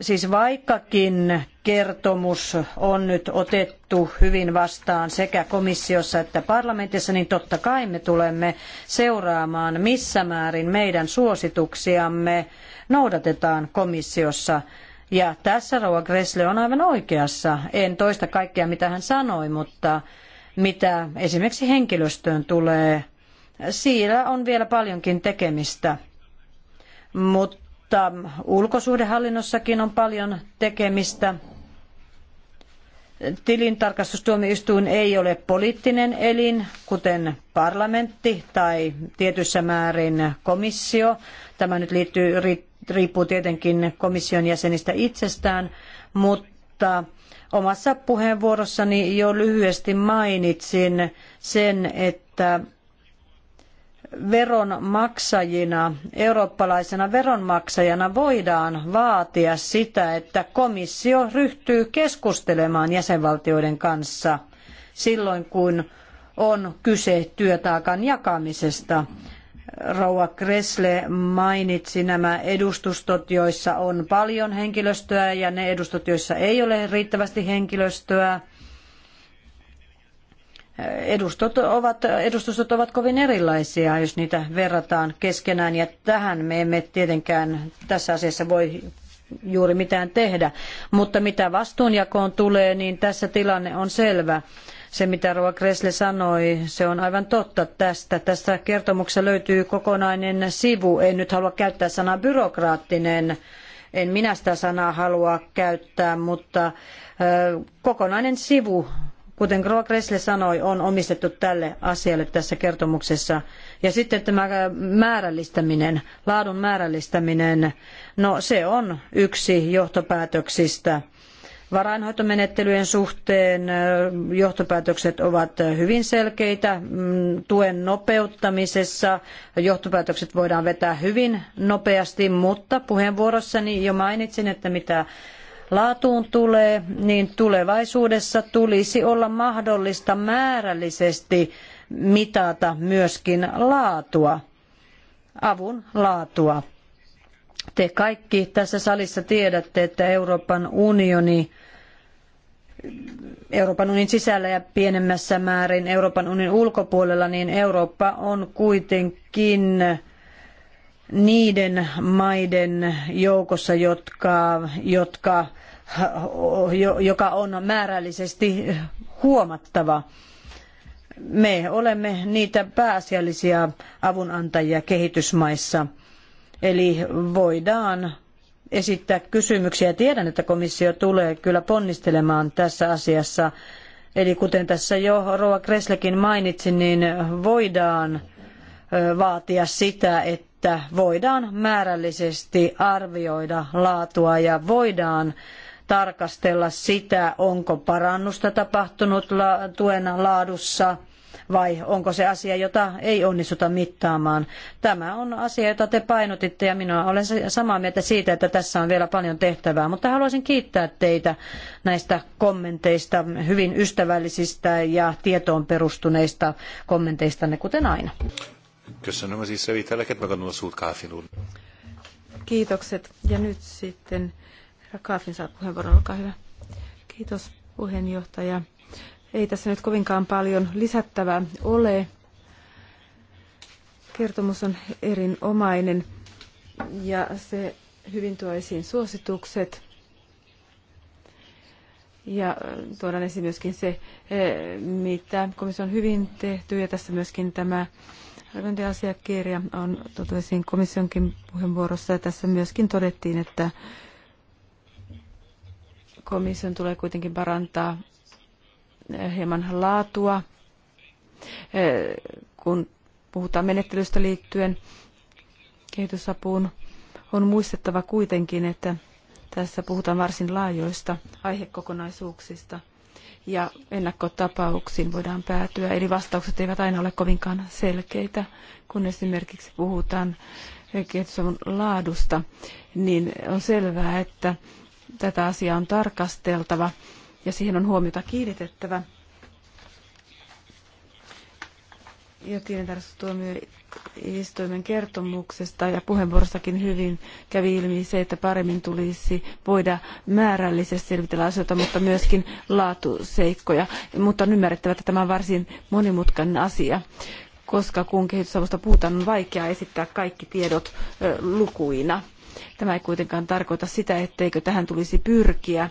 Siis vaikkakin kertomus on nyt otettu hyvin vastaan sekä komissiossa että parlamentissa, niin totta kai me tulemme seuraamaan, missä määrin meidän suosituksiamme noudatetaan komissiossa – ja tässä Rauha Gressle on aivan oikeassa. En toista kaikkea, mitä hän sanoi, mutta mitä esimerkiksi henkilöstöön tulee, siellä on vielä paljonkin tekemistä. Mutta ulkosuhdehallinnossakin on paljon tekemistä. Tilintarkastustuomioistuin ei ole poliittinen elin, kuten parlamentti tai tietyssä määrin komissio. Tämä nyt liittyy riippuu tietenkin komission jäsenistä itsestään, mutta omassa puheenvuorossani jo lyhyesti mainitsin sen, että veronmaksajina, eurooppalaisena veronmaksajana voidaan vaatia sitä, että komissio ryhtyy keskustelemaan jäsenvaltioiden kanssa silloin, kun on kyse työtaakan jakamisesta Rouva Kresle mainitsi nämä edustustot, joissa on paljon henkilöstöä ja ne edustot, joissa ei ole riittävästi henkilöstöä. Edustot ovat, edustustot ovat kovin erilaisia, jos niitä verrataan keskenään, ja tähän me emme tietenkään tässä asiassa voi juuri mitään tehdä. Mutta mitä vastuunjakoon tulee, niin tässä tilanne on selvä. Se, mitä Rova Kresle sanoi, se on aivan totta tästä. Tästä kertomuksessa löytyy kokonainen sivu. En nyt halua käyttää sanaa byrokraattinen, en minä sitä sanaa halua käyttää, mutta kokonainen sivu, kuten Groa Kressle sanoi, on omistettu tälle asialle tässä kertomuksessa. Ja sitten tämä määrällistäminen, laadun määrällistäminen, no se on yksi johtopäätöksistä Varainhoitomenettelyjen suhteen johtopäätökset ovat hyvin selkeitä. Mm, tuen nopeuttamisessa johtopäätökset voidaan vetää hyvin nopeasti, mutta puheenvuorossani jo mainitsin, että mitä laatuun tulee, niin tulevaisuudessa tulisi olla mahdollista määrällisesti mitata myöskin laatua, avun laatua te kaikki tässä salissa tiedätte, että Euroopan unioni Euroopan unionin sisällä ja pienemmässä määrin Euroopan unionin ulkopuolella, niin Eurooppa on kuitenkin niiden maiden joukossa, jotka, jotka, joka on määrällisesti huomattava. Me olemme niitä pääasiallisia avunantajia kehitysmaissa – Eli voidaan esittää kysymyksiä. Tiedän, että komissio tulee kyllä ponnistelemaan tässä asiassa. Eli kuten tässä jo Roa Kreslekin mainitsi, niin voidaan vaatia sitä, että voidaan määrällisesti arvioida laatua ja voidaan tarkastella sitä, onko parannusta tapahtunut tuen laadussa – vai onko se asia, jota ei onnistuta mittaamaan. Tämä on asia, jota te painotitte ja minä olen samaa mieltä siitä, että tässä on vielä paljon tehtävää, mutta haluaisin kiittää teitä näistä kommenteista, hyvin ystävällisistä ja tietoon perustuneista kommenteistanne, kuten aina. Kiitokset. Ja nyt sitten Kaafin saa puheenvuoron, olkaa hyvä. Kiitos puheenjohtaja. Ei tässä nyt kovinkaan paljon lisättävää ole. Kertomus on erinomainen ja se hyvin tuo esiin suositukset. Ja äh, tuodaan esiin myöskin se, äh, mitä komissio on hyvin tehty ja tässä myöskin tämä arviointiasiakirja on tuotu esiin komissionkin puheenvuorossa ja tässä myöskin todettiin, että komission tulee kuitenkin parantaa hieman laatua, eh, kun puhutaan menettelystä liittyen kehitysapuun. On muistettava kuitenkin, että tässä puhutaan varsin laajoista aihekokonaisuuksista ja ennakkotapauksiin voidaan päätyä. Eli vastaukset eivät aina ole kovinkaan selkeitä, kun esimerkiksi puhutaan kehitysavun laadusta, niin on selvää, että tätä asiaa on tarkasteltava ja siihen on huomiota kiinnitettävä. Ja tuomioistuimen kertomuksesta ja puheenvuorostakin hyvin kävi ilmi se, että paremmin tulisi voida määrällisesti selvitellä asioita, mutta myöskin laatuseikkoja. Mutta on ymmärrettävä, että tämä on varsin monimutkainen asia koska kun kehitysavusta puhutaan, on vaikea esittää kaikki tiedot lukuina. Tämä ei kuitenkaan tarkoita sitä, etteikö tähän tulisi pyrkiä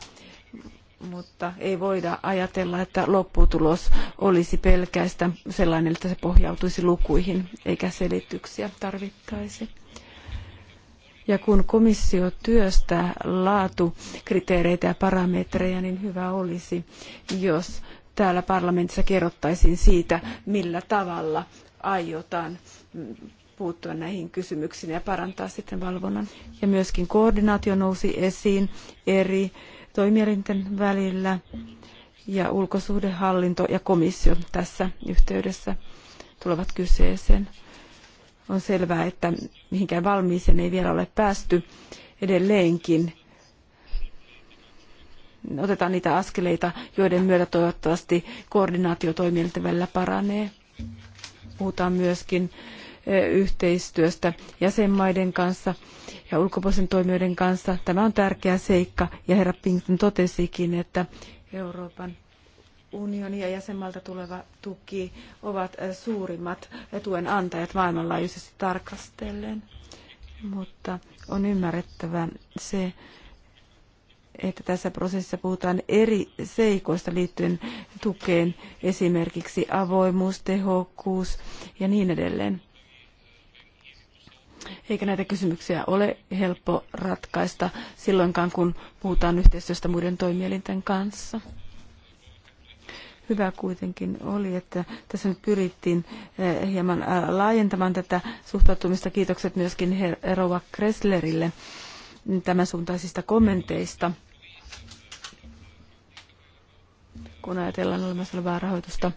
mutta ei voida ajatella, että lopputulos olisi pelkästään sellainen, että se pohjautuisi lukuihin eikä selityksiä tarvittaisi. Ja kun komissio työstää laatukriteereitä ja parametreja, niin hyvä olisi, jos täällä parlamentissa kerrottaisiin siitä, millä tavalla aiotaan puuttua näihin kysymyksiin ja parantaa sitten valvonnan. Ja myöskin koordinaatio nousi esiin eri toimielinten välillä ja ulkosuhdehallinto ja komissio tässä yhteydessä tulevat kyseeseen. On selvää, että mihinkään valmiiseen ei vielä ole päästy edelleenkin. Otetaan niitä askeleita, joiden myötä toivottavasti koordinaatio toimielinten välillä paranee. Puhutaan myöskin yhteistyöstä jäsenmaiden kanssa ja ulkopuolisen toimijoiden kanssa. Tämä on tärkeä seikka ja herra Pinkton totesikin, että Euroopan unioni ja jäsenmaalta tuleva tuki ovat suurimmat tuen antajat maailmanlaajuisesti tarkastellen. Mutta on ymmärrettävä se, että tässä prosessissa puhutaan eri seikoista liittyen tukeen, esimerkiksi avoimuus, tehokkuus ja niin edelleen. Eikä näitä kysymyksiä ole helppo ratkaista silloinkaan, kun puhutaan yhteistyöstä muiden toimielinten kanssa. Hyvä kuitenkin oli, että tässä nyt pyrittiin eh, hieman eh, laajentamaan tätä suhtautumista. Kiitokset myöskin Rova Kresslerille tämän suuntaisista kommenteista kun ajatellaan olemassa olevaa rahoitusta.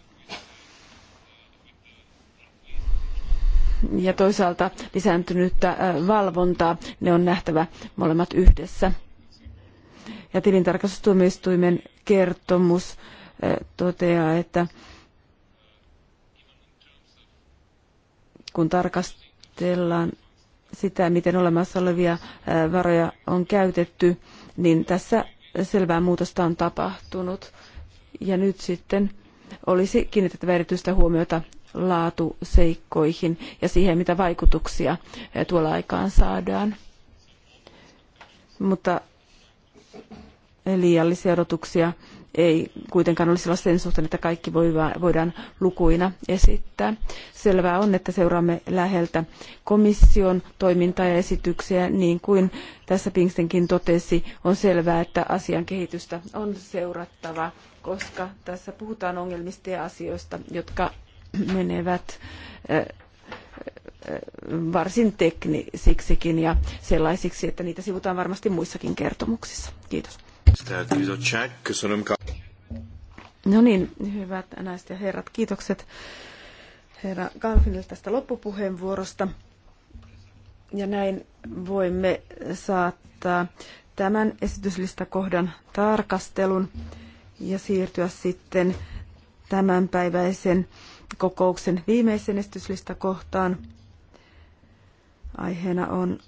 ja toisaalta lisääntynyttä valvontaa. Ne on nähtävä molemmat yhdessä. Ja tilintarkastustuomioistuimen kertomus toteaa, että kun tarkastellaan sitä, miten olemassa olevia varoja on käytetty, niin tässä selvää muutosta on tapahtunut. Ja nyt sitten olisi kiinnitettävä erityistä huomiota laatuseikkoihin ja siihen, mitä vaikutuksia eh, tuolla aikaan saadaan. Mutta liiallisia odotuksia ei kuitenkaan olisi olla sen suhteen, että kaikki voidaan lukuina esittää. Selvää on, että seuraamme läheltä komission toimintaa ja esityksiä, niin kuin tässä pingstenkin totesi, on selvää, että asian kehitystä on seurattava, koska tässä puhutaan ongelmista ja asioista, jotka menevät varsin teknisiksikin ja sellaisiksi, että niitä sivutaan varmasti muissakin kertomuksissa. Kiitos. No niin, hyvät naiset ja herrat, kiitokset herra Kalfinille tästä loppupuheenvuorosta. Ja näin voimme saattaa tämän esityslistakohdan tarkastelun ja siirtyä sitten tämänpäiväisen päiväisen kokouksen viimeisen kohtaan Aiheena on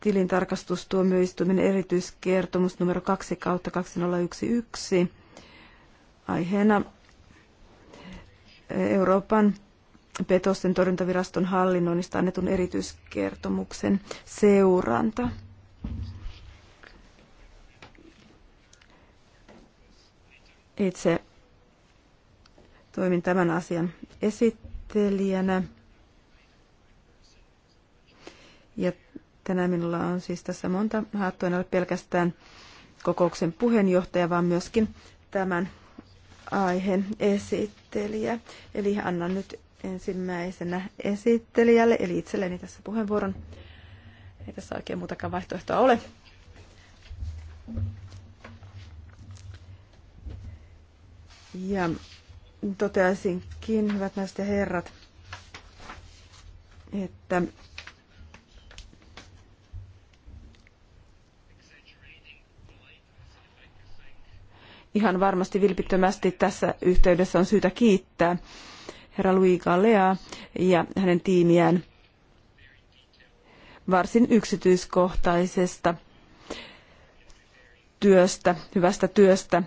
tilintarkastustuomioistuimen erityiskertomus numero 2 kautta 2011. Aiheena Euroopan petosten torjuntaviraston hallinnoinnista annetun erityiskertomuksen seuranta. Itse Toimin tämän asian esittelijänä. Ja tänään minulla on siis tässä monta haattua, en ole pelkästään kokouksen puheenjohtaja, vaan myöskin tämän aiheen esittelijä. Eli annan nyt ensimmäisenä esittelijälle, eli itselleni tässä puheenvuoron. Ei tässä oikein muutakaan vaihtoehtoa ole. Ja toteaisinkin, hyvät naiset ja herrat, että ihan varmasti vilpittömästi tässä yhteydessä on syytä kiittää herra Louis Galea ja hänen tiimiään varsin yksityiskohtaisesta työstä, hyvästä työstä,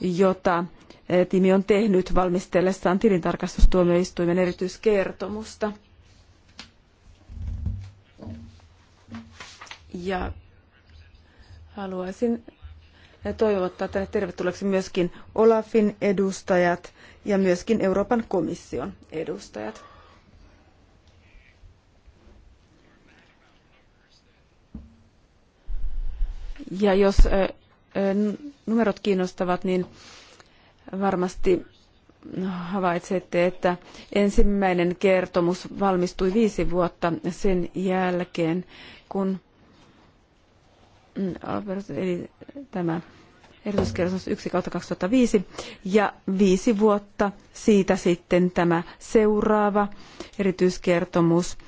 jota tiimi on tehnyt valmistellessaan tilintarkastustuomioistuimen erityiskertomusta. Ja haluaisin toivottaa tänne tervetulleeksi myöskin Olafin edustajat ja myöskin Euroopan komission edustajat. Ja jos numerot kiinnostavat, niin Varmasti havaitsette, että ensimmäinen kertomus valmistui viisi vuotta sen jälkeen, kun mm, eli tämä ehdotuskertomus 1 kautta 2005 ja viisi vuotta siitä sitten tämä seuraava erityiskertomus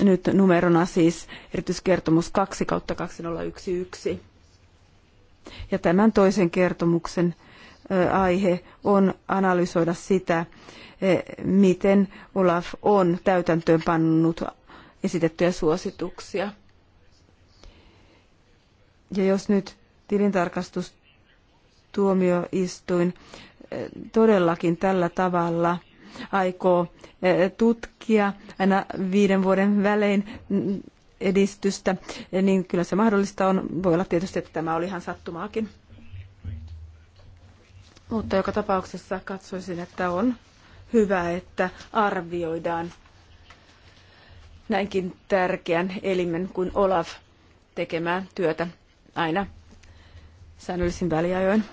nyt numerona siis erityiskertomus 2 kautta 2011. Ja tämän toisen kertomuksen aihe on analysoida sitä, miten Olaf on täytäntöönpannut esitettyjä suosituksia. Ja jos nyt tilintarkastustuomioistuin todellakin tällä tavalla aikoo tutkia aina viiden vuoden välein edistystä, niin kyllä se mahdollista on. Voi olla tietysti, että tämä oli ihan sattumaakin. Mutta joka tapauksessa katsoisin, että on hyvä, että arvioidaan näinkin tärkeän elimen kuin Olaf tekemään työtä aina säännöllisin väliajoin.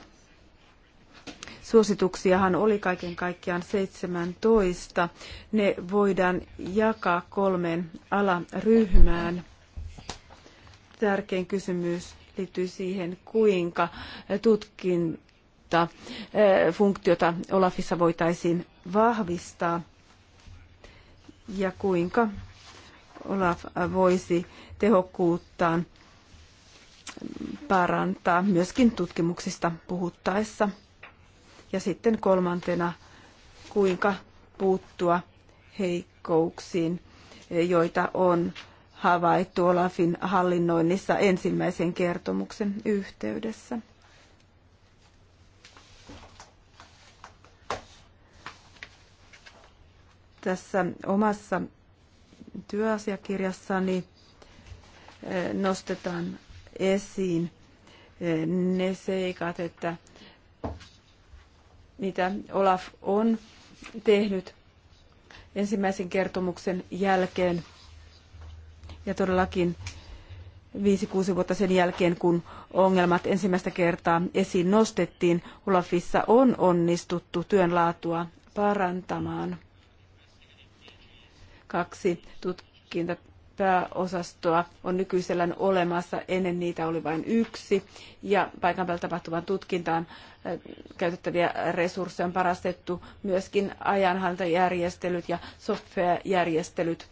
Suosituksiahan oli kaiken kaikkiaan 17. Ne voidaan jakaa kolmeen alaryhmään. Tärkein kysymys liittyy siihen, kuinka tutkintafunktiota eh, funktiota Olafissa voitaisiin vahvistaa ja kuinka Olaf voisi tehokkuuttaan parantaa myöskin tutkimuksista puhuttaessa. Ja sitten kolmantena, kuinka puuttua heikkouksiin, joita on havaittu Olafin hallinnoinnissa ensimmäisen kertomuksen yhteydessä. Tässä omassa työasiakirjassani eh, nostetaan esiin eh, ne seikat, että mitä Olaf on tehnyt ensimmäisen kertomuksen jälkeen ja todellakin 5-6 vuotta sen jälkeen, kun ongelmat ensimmäistä kertaa esiin nostettiin, Olafissa on onnistuttu työn laatua parantamaan. Kaksi tutkinta pääosastoa on nykyisellään olemassa, ennen niitä oli vain yksi, ja paikan päällä tapahtuvan tutkintaan äh, käytettäviä resursseja on parastettu myöskin ajanhaltajärjestelyt ja softwarejärjestelyt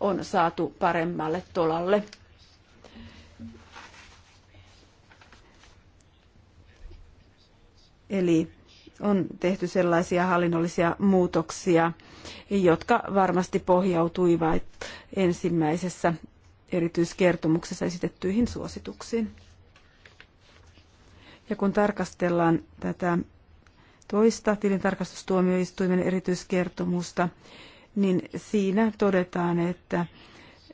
on saatu paremmalle tolalle. Eli on tehty sellaisia hallinnollisia muutoksia, jotka varmasti pohjautuivat ensimmäisessä erityiskertomuksessa esitettyihin suosituksiin. Ja kun tarkastellaan tätä toista tilintarkastustuomioistuimen erityiskertomusta, niin siinä todetaan, että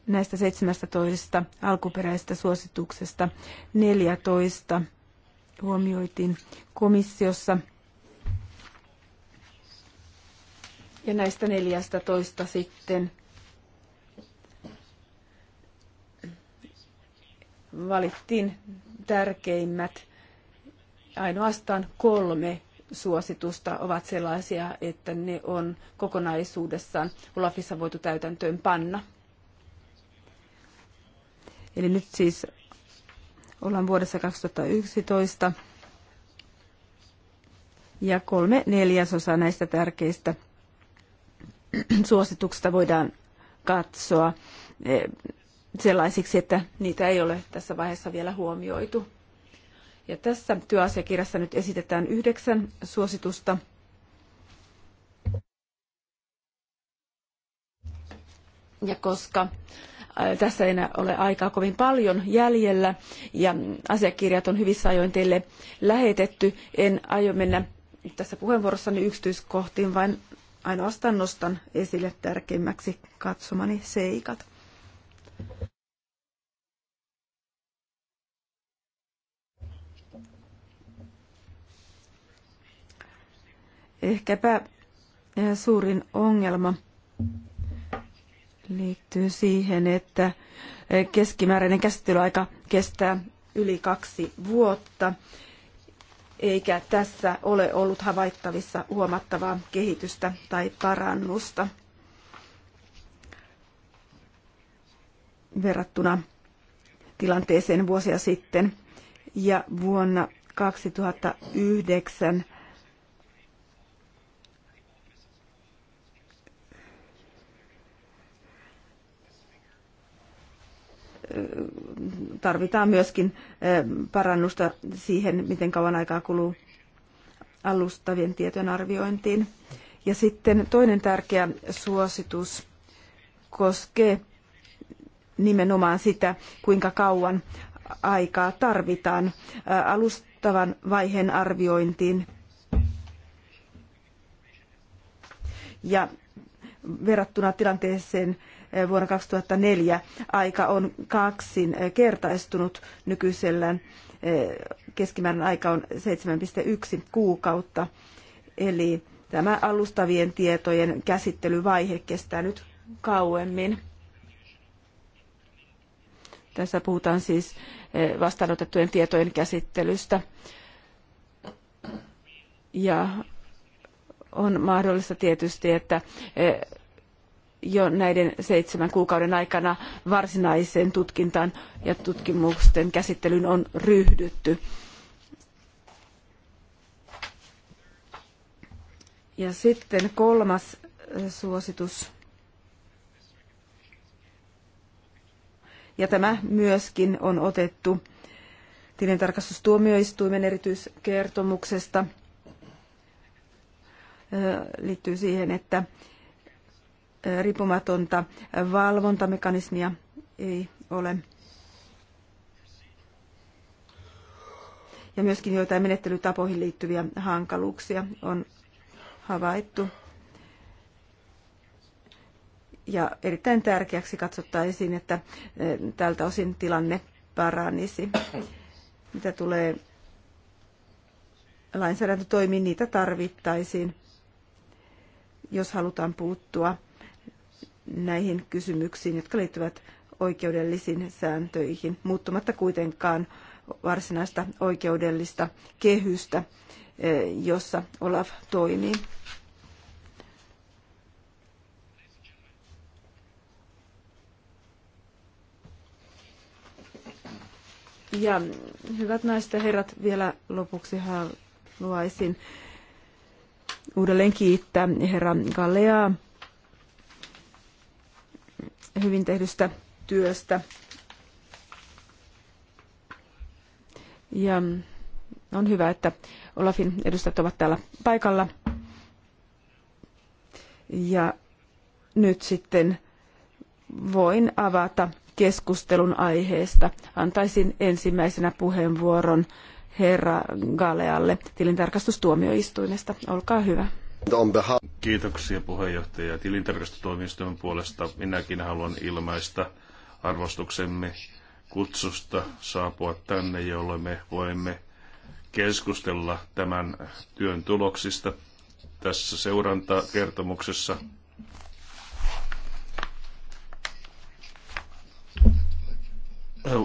näistä 17 alkuperäisestä suosituksesta 14 huomioitiin komissiossa Ja näistä neljästä toista sitten valittiin tärkeimmät. Ainoastaan kolme suositusta ovat sellaisia, että ne on kokonaisuudessaan Olafissa voitu täytäntöön panna. Eli nyt siis ollaan vuodessa 2011 ja kolme neljäsosaa näistä tärkeistä [clears throat] suosituksista voidaan katsoa eh, sellaisiksi, että niitä ei ole tässä vaiheessa vielä huomioitu. Ja tässä työasiakirjassa nyt esitetään yhdeksän suositusta. Ja koska eh, tässä ei enää ole aikaa kovin paljon jäljellä ja asiakirjat on hyvissä ajoin teille lähetetty, en aio mennä tässä puheenvuorossani yksityiskohtiin, vaan ainoastaan nostan esille tärkeimmäksi katsomani seikat. Ehkäpä eh, suurin ongelma liittyy siihen, että eh, keskimääräinen käsittelyaika kestää yli kaksi vuotta eikä tässä ole ollut havaittavissa huomattavaa kehitystä tai parannusta verrattuna tilanteeseen vuosia sitten. Ja vuonna 2009 tarvitaan myöskin eh, parannusta siihen, miten kauan aikaa kuluu alustavien tietojen arviointiin. Ja sitten toinen tärkeä suositus koskee nimenomaan sitä, kuinka kauan aikaa tarvitaan eh, alustavan vaiheen arviointiin. Ja verrattuna tilanteeseen, Eh, vuonna 2004 aika on kaksinkertaistunut eh, nykyisellään. Eh, Keskimääräinen aika on 7,1 kuukautta. Eli tämä alustavien tietojen käsittelyvaihe kestää nyt kauemmin. Tässä puhutaan siis vastaanotettujen tietojen käsittelystä. Ja on mahdollista tietysti, että jo näiden seitsemän kuukauden aikana varsinaiseen tutkintaan ja tutkimusten käsittelyyn on ryhdytty. Ja sitten kolmas suositus. Ja tämä myöskin on otettu tilintarkastustuomioistuimen erityiskertomuksesta liittyy siihen, että riippumatonta valvontamekanismia ei ole. Ja myöskin joitain menettelytapoihin liittyviä hankaluuksia on havaittu. Ja erittäin tärkeäksi katsottaisiin, että e, tältä osin tilanne paranisi. Mitä tulee lainsäädäntötoimiin, niitä tarvittaisiin, jos halutaan puuttua näihin kysymyksiin, jotka liittyvät oikeudellisiin sääntöihin, muuttumatta kuitenkaan varsinaista oikeudellista kehystä, eh, jossa Olaf toimii. Ja hyvät naiset ja herrat, vielä lopuksi haluaisin uudelleen kiittää herra Galeaa hyvin tehdystä työstä. Ja on hyvä, että Olafin edustajat ovat täällä paikalla. Ja nyt sitten voin avata keskustelun aiheesta. Antaisin ensimmäisenä puheenvuoron herra Galealle tilintarkastustuomioistuimesta. Olkaa hyvä. Kiitoksia puheenjohtaja tilintarkastustoimiston puolesta. Minäkin haluan ilmaista arvostuksemme kutsusta saapua tänne, jolloin me voimme keskustella tämän työn tuloksista tässä seurantakertomuksessa.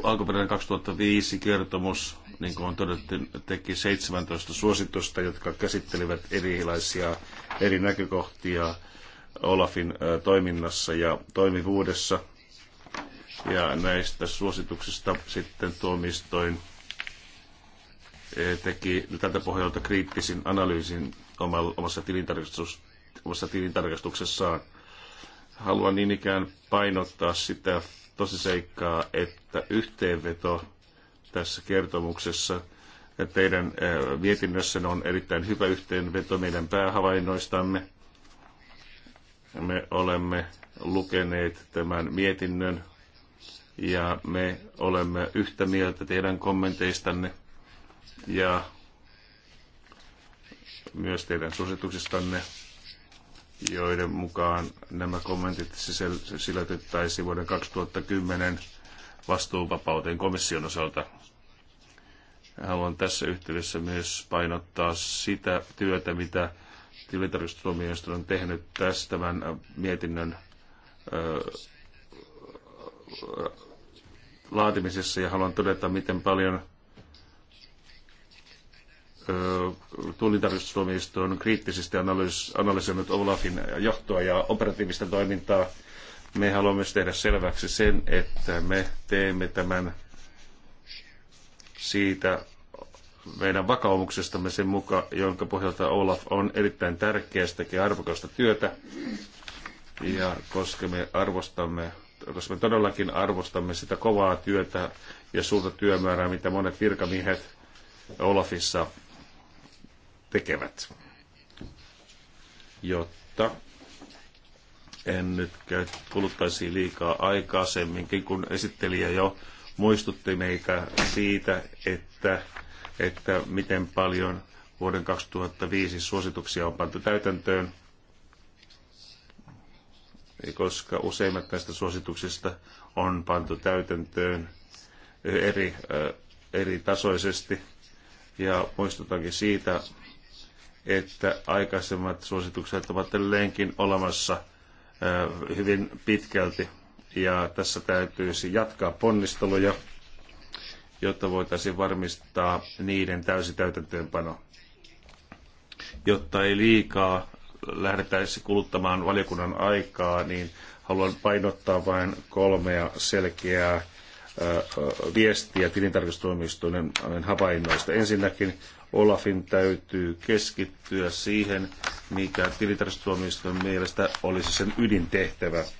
Alkuperäinen 2005 kertomus niin kuin on todettu, teki 17 suositusta, jotka käsittelivät erilaisia eri näkökohtia Olafin toiminnassa ja toimivuudessa. Ja näistä suosituksista sitten tuomistoin e, teki tältä pohjalta kriittisin analyysin omassa, tilintarkastus, omassa tilintarkastuksessaan. Haluan niin ikään painottaa sitä tosiseikkaa, että yhteenveto tässä kertomuksessa. Teidän mietinnössä on erittäin hyvä yhteenveto meidän päähavainnoistamme. Me olemme lukeneet tämän mietinnön ja me olemme yhtä mieltä teidän kommenteistanne ja myös teidän suosituksistanne, joiden mukaan nämä kommentit sisällytettäisiin vuoden 2010 vastuuvapauteen komission osalta. Haluan tässä yhteydessä myös painottaa sitä työtä, mitä tilintarkastustuomioistuin on tehnyt tässä tämän äh, mietinnön laatimisessa ja haluan todeta, miten paljon tullintarkastustuomioistuin on kriittisesti analysoinut Olafin johtoa ja operatiivista toimintaa. Me haluamme myös tehdä selväksi sen, että me teemme tämän siitä meidän vakaumuksestamme sen mukaan, jonka pohjalta Olaf on erittäin tärkeä, ja arvokasta työtä. Ja koska me arvostamme, koska me todellakin arvostamme sitä kovaa työtä ja suurta työmäärää, mitä monet virkamiehet Olafissa tekevät. Jotta en nyt kuluttaisi liikaa aikaisemminkin, kun esittelijä jo muistutti meitä siitä, että, että miten paljon vuoden 2005 suosituksia on pantu täytäntöön, koska useimmat näistä suosituksista on pantu täytäntöön eri, äh, eri tasoisesti. Ja muistutankin siitä, että aikaisemmat suositukset ovat edelleenkin olemassa äh, hyvin pitkälti ja tässä täytyisi jatkaa ponnisteluja, jotta voitaisiin varmistaa niiden täysi täytäntöönpano, jotta ei liikaa lähdettäisi kuluttamaan valiokunnan aikaa, niin haluan painottaa vain kolmea selkeää viestiä tilintarkastustuomioistuimen havainnoista. Ensinnäkin Olafin täytyy keskittyä siihen, mikä tilintarkastustoimiston mielestä olisi sen ydintehtävä –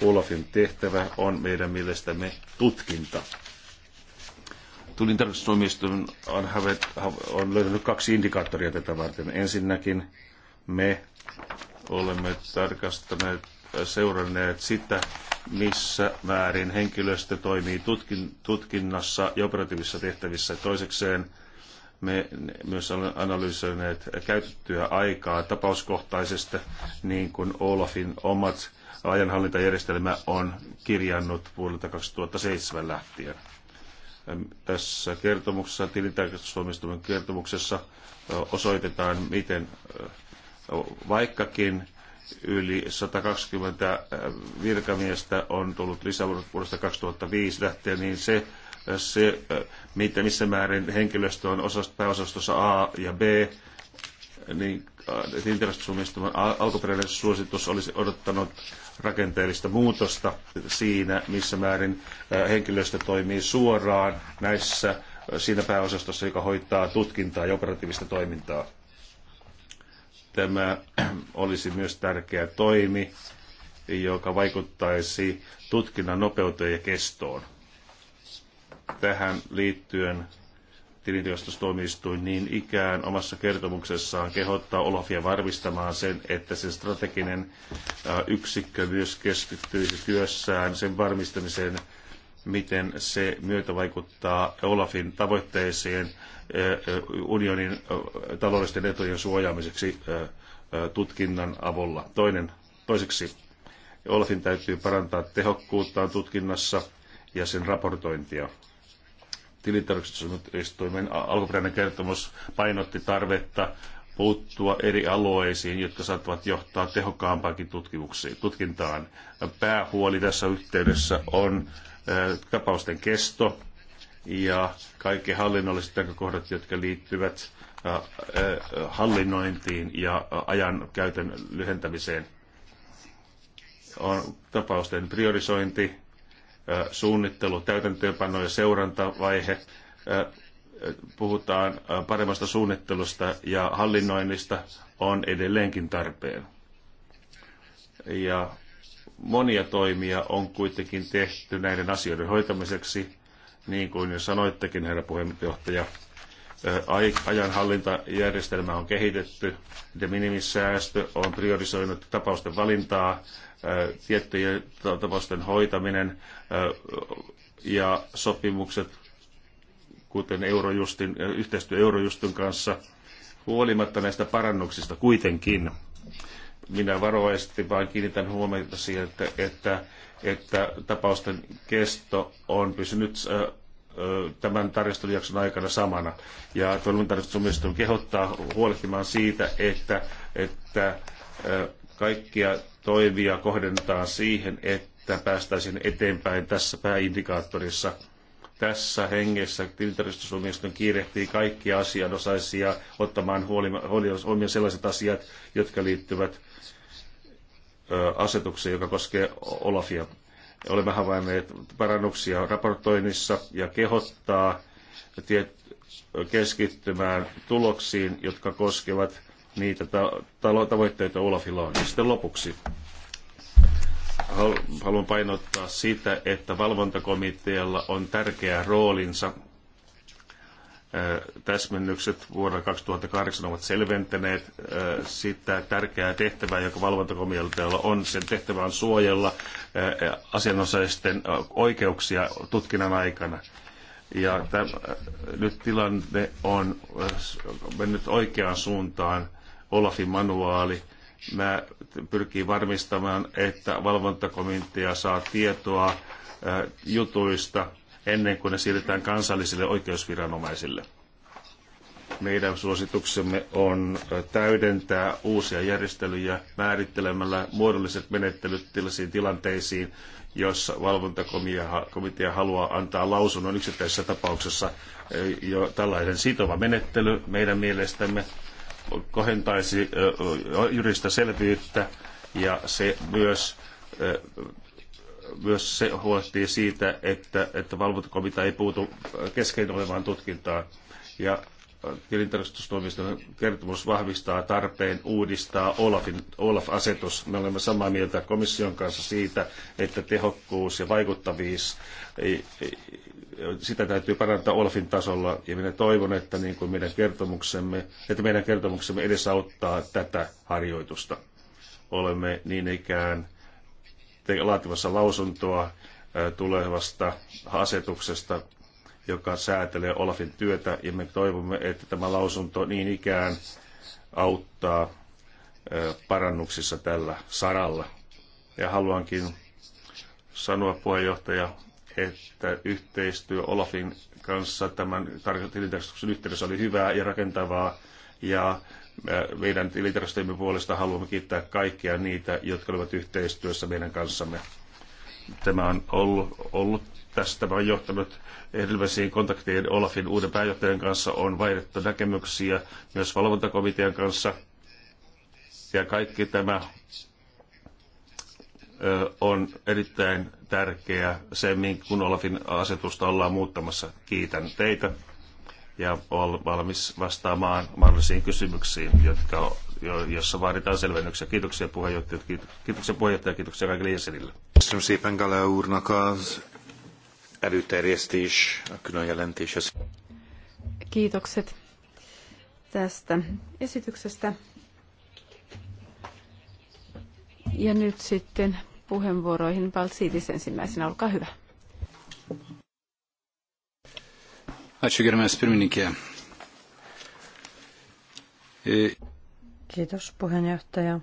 Olafin tehtävä on meidän mielestämme tutkinta. Tulin tarkastustoimiston on, on löytänyt kaksi indikaattoria tätä varten. Ensinnäkin me olemme tarkastaneet, seuranneet sitä, missä määrin henkilöstö toimii tutkin, tutkinnassa ja operatiivisissa tehtävissä. Toisekseen me myös olemme analysoineet käytettyä aikaa tapauskohtaisesti, niin kuin Olafin omat ajanhallintajärjestelmä on kirjannut vuodelta 2007 lähtien. Tässä kertomuksessa, tilintarkastustuomioistuimen kertomuksessa osoitetaan, miten vaikkakin yli 120 virkamiestä on tullut lisävuodesta 2005 lähtien, niin se, se miten, missä määrin henkilöstö on osast, pääosastossa A ja B, niin tilintarkastustuomioistuimen äh, alkuperäinen suositus olisi odottanut rakenteellista muutosta siinä, missä määrin äh, henkilöstö toimii suoraan näissä äh, siinä pääosastossa, joka hoitaa tutkintaa ja operatiivista toimintaa. Tämä [clears throat] olisi myös tärkeä toimi, joka vaikuttaisi tutkinnan nopeuteen ja kestoon. Tähän liittyen tilintarkastustuomioistuin niin ikään omassa kertomuksessaan kehottaa Olafia varmistamaan sen, että se strateginen äh, yksikkö myös keskittyisi työssään sen varmistamiseen, miten se myötä vaikuttaa Olafin tavoitteisiin äh, äh, unionin taloudellisten etujen suojaamiseksi tutkinnan avulla. Toinen, toiseksi Olafin täytyy parantaa tehokkuuttaan tutkinnassa ja sen raportointia tilintarkastustuomioistuimen alkuperäinen kertomus painotti tarvetta puuttua eri alueisiin, jotka saattavat johtaa tehokkaampaankin tutkintaan. Päähuoli tässä yhteydessä on tapausten kesto ja kaikki hallinnolliset näkökohdat, jotka liittyvät hallinnointiin ja ajan käytön lyhentämiseen. On tapausten priorisointi, suunnittelu, täytäntöönpano ja seurantavaihe. Puhutaan paremmasta suunnittelusta ja hallinnoinnista on edelleenkin tarpeen. Ja monia toimia on kuitenkin tehty näiden asioiden hoitamiseksi, niin kuin jo sanoittekin, herra puheenjohtaja ajanhallintajärjestelmä on kehitetty, de minimissäästö on priorisoinut tapausten valintaa, tiettyjen tapausten hoitaminen ja sopimukset, kuten Eurojustin, yhteistyö Eurojustin kanssa, huolimatta näistä parannuksista kuitenkin. Minä varovaisesti vain kiinnitän huomiota siihen, että, että, että tapausten kesto on pysynyt tämän tarkastelujakson aikana samana. Ja toimintarkastustuomioistuin kehottaa huolehtimaan siitä, että, että kaikkia toimia kohdentaa siihen, että päästäisiin eteenpäin tässä pääindikaattorissa. Tässä hengessä tilintarkastusomiston kiirehtii kaikkia asianosaisia ottamaan huomioon sellaiset asiat, jotka liittyvät asetukseen, joka koskee Olafia. Olemme havainneet parannuksia raportoinnissa ja kehottaa keskittymään tuloksiin, jotka koskevat niitä tavoitteita Olafilla on. Ja sitten lopuksi haluan painottaa sitä, että valvontakomitealla on tärkeä roolinsa täsmennykset vuonna 2008 ovat selventäneet sitä tärkeää tehtävää, joka valvontakomitealla on. Sen tehtävä on suojella asianosaisten oikeuksia tutkinnan aikana. Ja täm, nyt tilanne on mennyt oikeaan suuntaan. Olafin manuaali mä pyrkii varmistamaan, että valvontakomitea saa tietoa jutuista, ennen kuin ne siirretään kansallisille oikeusviranomaisille. Meidän suosituksemme on täydentää uusia järjestelyjä määrittelemällä muodolliset menettelyt tällaisiin tilanteisiin, jossa valvontakomitea haluaa antaa lausunnon yksittäisessä tapauksessa. E, jo tällainen sitova menettely meidän mielestämme kohentaisi e, juristaselvyyttä ja se myös e, myös se huolehtii siitä, että, että valvontakomitea ei puutu kesken olevaan tutkintaan. Ja äh, tilintarkastustoimiston kertomus vahvistaa tarpeen uudistaa Olafin, Olaf-asetus. Me olemme samaa mieltä komission kanssa siitä, että tehokkuus ja vaikuttavuus, sitä täytyy parantaa Olafin tasolla. Ja minä toivon, että, niin kuin meidän kertomuksemme, että meidän kertomuksemme edesauttaa tätä harjoitusta. Olemme niin ikään laativassa lausuntoa tulevasta asetuksesta, joka säätelee Olafin työtä, ja me toivomme, että tämä lausunto niin ikään auttaa parannuksissa tällä saralla. Ja haluankin sanoa puheenjohtaja, että yhteistyö Olafin kanssa tämän tilintarkastuksen yhteydessä oli hyvää ja rakentavaa, ja Äh, meidän tilintarkastajimme puolesta haluamme kiittää kaikkia niitä, jotka olivat yhteistyössä meidän kanssamme. Tämä on ollut, ollut tästä on johtanut edellisiin kontakteihin Olafin uuden pääjohtajan kanssa, on vaihdettu näkemyksiä myös valvontakomitean kanssa. Ja kaikki tämä äh, on erittäin tärkeä se, kun Olafin asetusta ollaan muuttamassa. Kiitän teitä ja olla valmis vastaamaan mahdollisiin kysymyksiin, jotka, jo, jossa vaaditaan selvennyksiä. Kiitoksia puheenjohtaja, kiitoksia, puheenjohtaja, kiitoksia kaikille jäsenille. Kiitokset tästä esityksestä. Ja nyt sitten puheenvuoroihin Valsiitis ensimmäisenä, olkaa hyvä. Ačiū gerbiamas pirmininkė. E, Kiitos puheenjohtaja.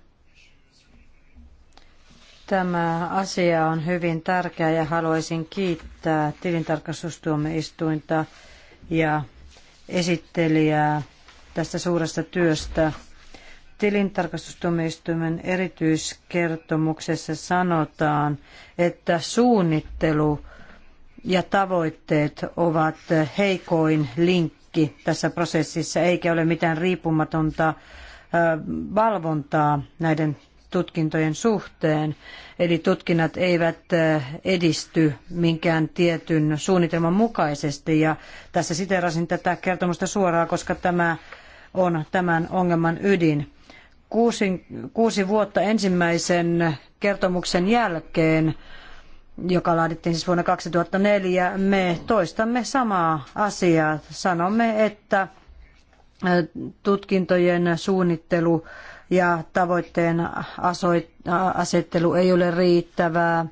Tämä asia on hyvin tärkeä ja haluaisin kiittää tilintarkastustuomioistuinta ja esittelijää tästä suuresta työstä. Tilintarkastustuomioistuimen erityiskertomuksessa sanotaan, että suunnittelu ja tavoitteet ovat heikoin linkki tässä prosessissa, eikä ole mitään riippumatonta valvontaa näiden tutkintojen suhteen. Eli tutkinnat eivät edisty minkään tietyn suunnitelman mukaisesti. Ja tässä siterasin tätä kertomusta suoraan, koska tämä on tämän ongelman ydin. Kuusi, kuusi vuotta ensimmäisen kertomuksen jälkeen joka laadittiin siis vuonna 2004, me toistamme samaa asiaa. Sanomme, että tutkintojen suunnittelu ja tavoitteen asettelu ei ole riittävää.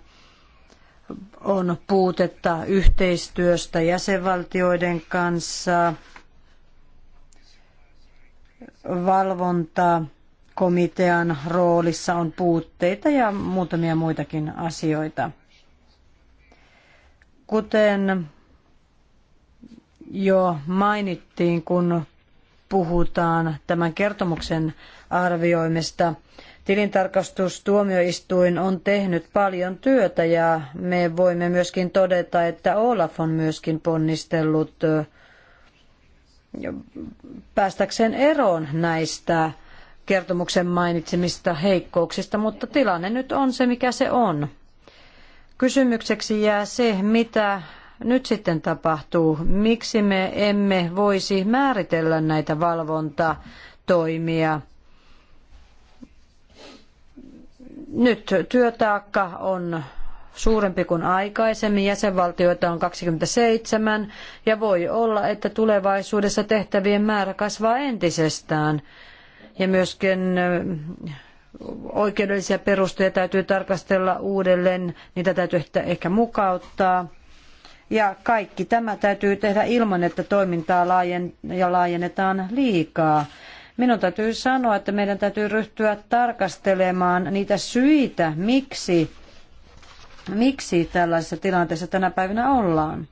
On puutetta yhteistyöstä jäsenvaltioiden kanssa, Valvontakomitean komitean roolissa on puutteita ja muutamia muitakin asioita. Kuten jo mainittiin, kun puhutaan tämän kertomuksen arvioimista, tilintarkastustuomioistuin on tehnyt paljon työtä ja me voimme myöskin todeta, että Olaf on myöskin ponnistellut päästäkseen eroon näistä kertomuksen mainitsemista heikkouksista, mutta tilanne nyt on se, mikä se on. Kysymykseksi jää se, mitä nyt sitten tapahtuu. Miksi me emme voisi määritellä näitä valvontatoimia? Nyt työtaakka on suurempi kuin aikaisemmin. Jäsenvaltioita on 27 ja voi olla, että tulevaisuudessa tehtävien määrä kasvaa entisestään. Ja myöskin oikeudellisia perusteita täytyy tarkastella uudelleen, niitä täytyy ehkä mukauttaa. Ja kaikki tämä täytyy tehdä ilman, että toimintaa laajen, ja laajennetaan liikaa. Minun täytyy sanoa, että meidän täytyy ryhtyä tarkastelemaan niitä syitä, miksi, miksi tällaisessa tilanteessa tänä päivänä ollaan.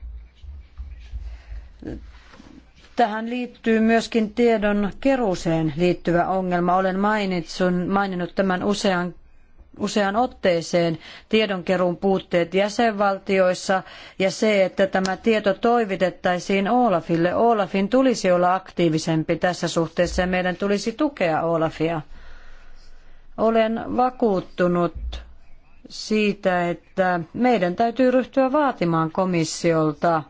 Tähän liittyy myöskin tiedon keruuseen liittyvä ongelma. Olen mainitsun, maininnut tämän usean useaan otteeseen tiedonkeruun puutteet jäsenvaltioissa ja se, että tämä tieto toivitettaisiin Olafille. Olafin tulisi olla aktiivisempi tässä suhteessa ja meidän tulisi tukea Olafia. Olen vakuuttunut siitä, että meidän täytyy ryhtyä vaatimaan komissiolta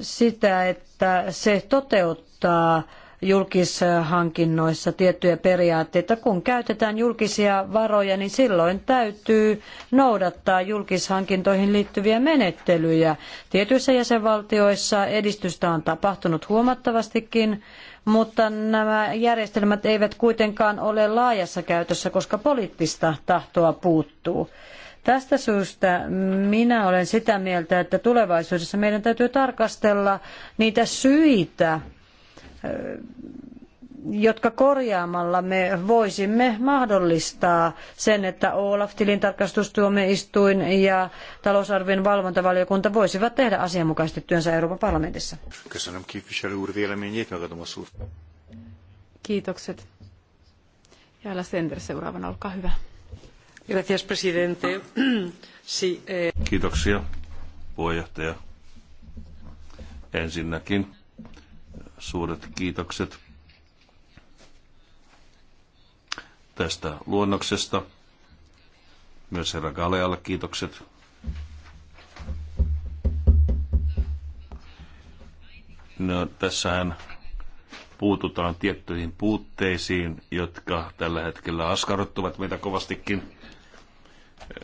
sitä, että se toteuttaa julkishankinnoissa tiettyjä periaatteita. Kun käytetään julkisia varoja, niin silloin täytyy noudattaa julkishankintoihin liittyviä menettelyjä. Tietyissä jäsenvaltioissa edistystä on tapahtunut huomattavastikin, mutta nämä järjestelmät eivät kuitenkaan ole laajassa käytössä, koska poliittista tahtoa puuttuu. Tästä syystä minä olen sitä mieltä, että tulevaisuudessa meidän täytyy tarkastella niitä syitä, jotka korjaamalla me voisimme mahdollistaa sen, että Olaf, tilintarkastustuomioistuin ja talousarvion valvontavaliokunta voisivat tehdä asianmukaisesti työnsä Euroopan parlamentissa. Kiitokset. Jäällä Sender seuraavana, olkaa hyvä. Gracias, presidente. [clears throat] eh... Kiitoksia, puheenjohtaja. Ensinnäkin suuret kiitokset tästä luonnoksesta. Myös herra Galealle kiitokset. No, tässähän puututaan tiettyihin puutteisiin, jotka tällä hetkellä askarruttavat meitä kovastikin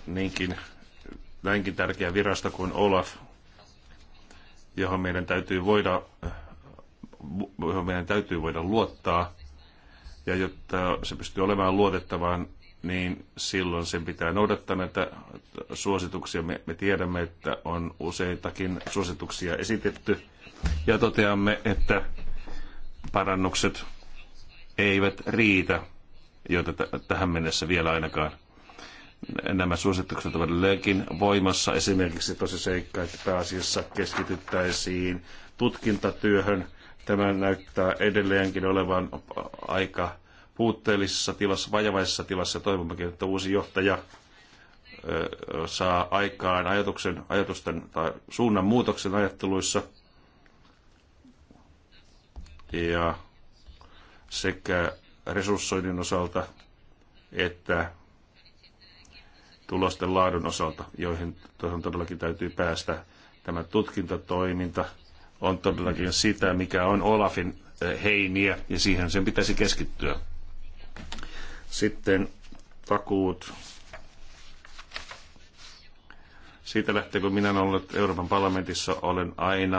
niinkin, näinkin tärkeä virasto kuin Olaf, johon meidän täytyy voida, johon meidän täytyy voida luottaa. Ja jotta se pystyy olemaan luotettavaan, niin silloin sen pitää noudattaa näitä suosituksia. Me, me tiedämme, että on useitakin suosituksia esitetty ja toteamme, että parannukset eivät riitä, joita tähän mennessä vielä ainakaan Nämä suositukset ovat edelleenkin voimassa. Esimerkiksi tosi seikka, että pääasiassa keskityttäisiin tutkintatyöhön. Tämä näyttää edelleenkin olevan aika puutteellisessa tilassa, vajavaisessa tilassa. Toivommekin, että uusi johtaja saa aikaan ajatuksen, ajatusten tai suunnan muutoksen ajatteluissa. Ja sekä resurssoinnin osalta että tulosten laadun osalta, joihin tuohon todellakin täytyy päästä. Tämä tutkintatoiminta on todellakin sitä, mikä on Olafin eh, heiniä, ja siihen sen pitäisi keskittyä. Sitten takuut. Siitä lähtee, kun minä olen ollut Euroopan parlamentissa, olen aina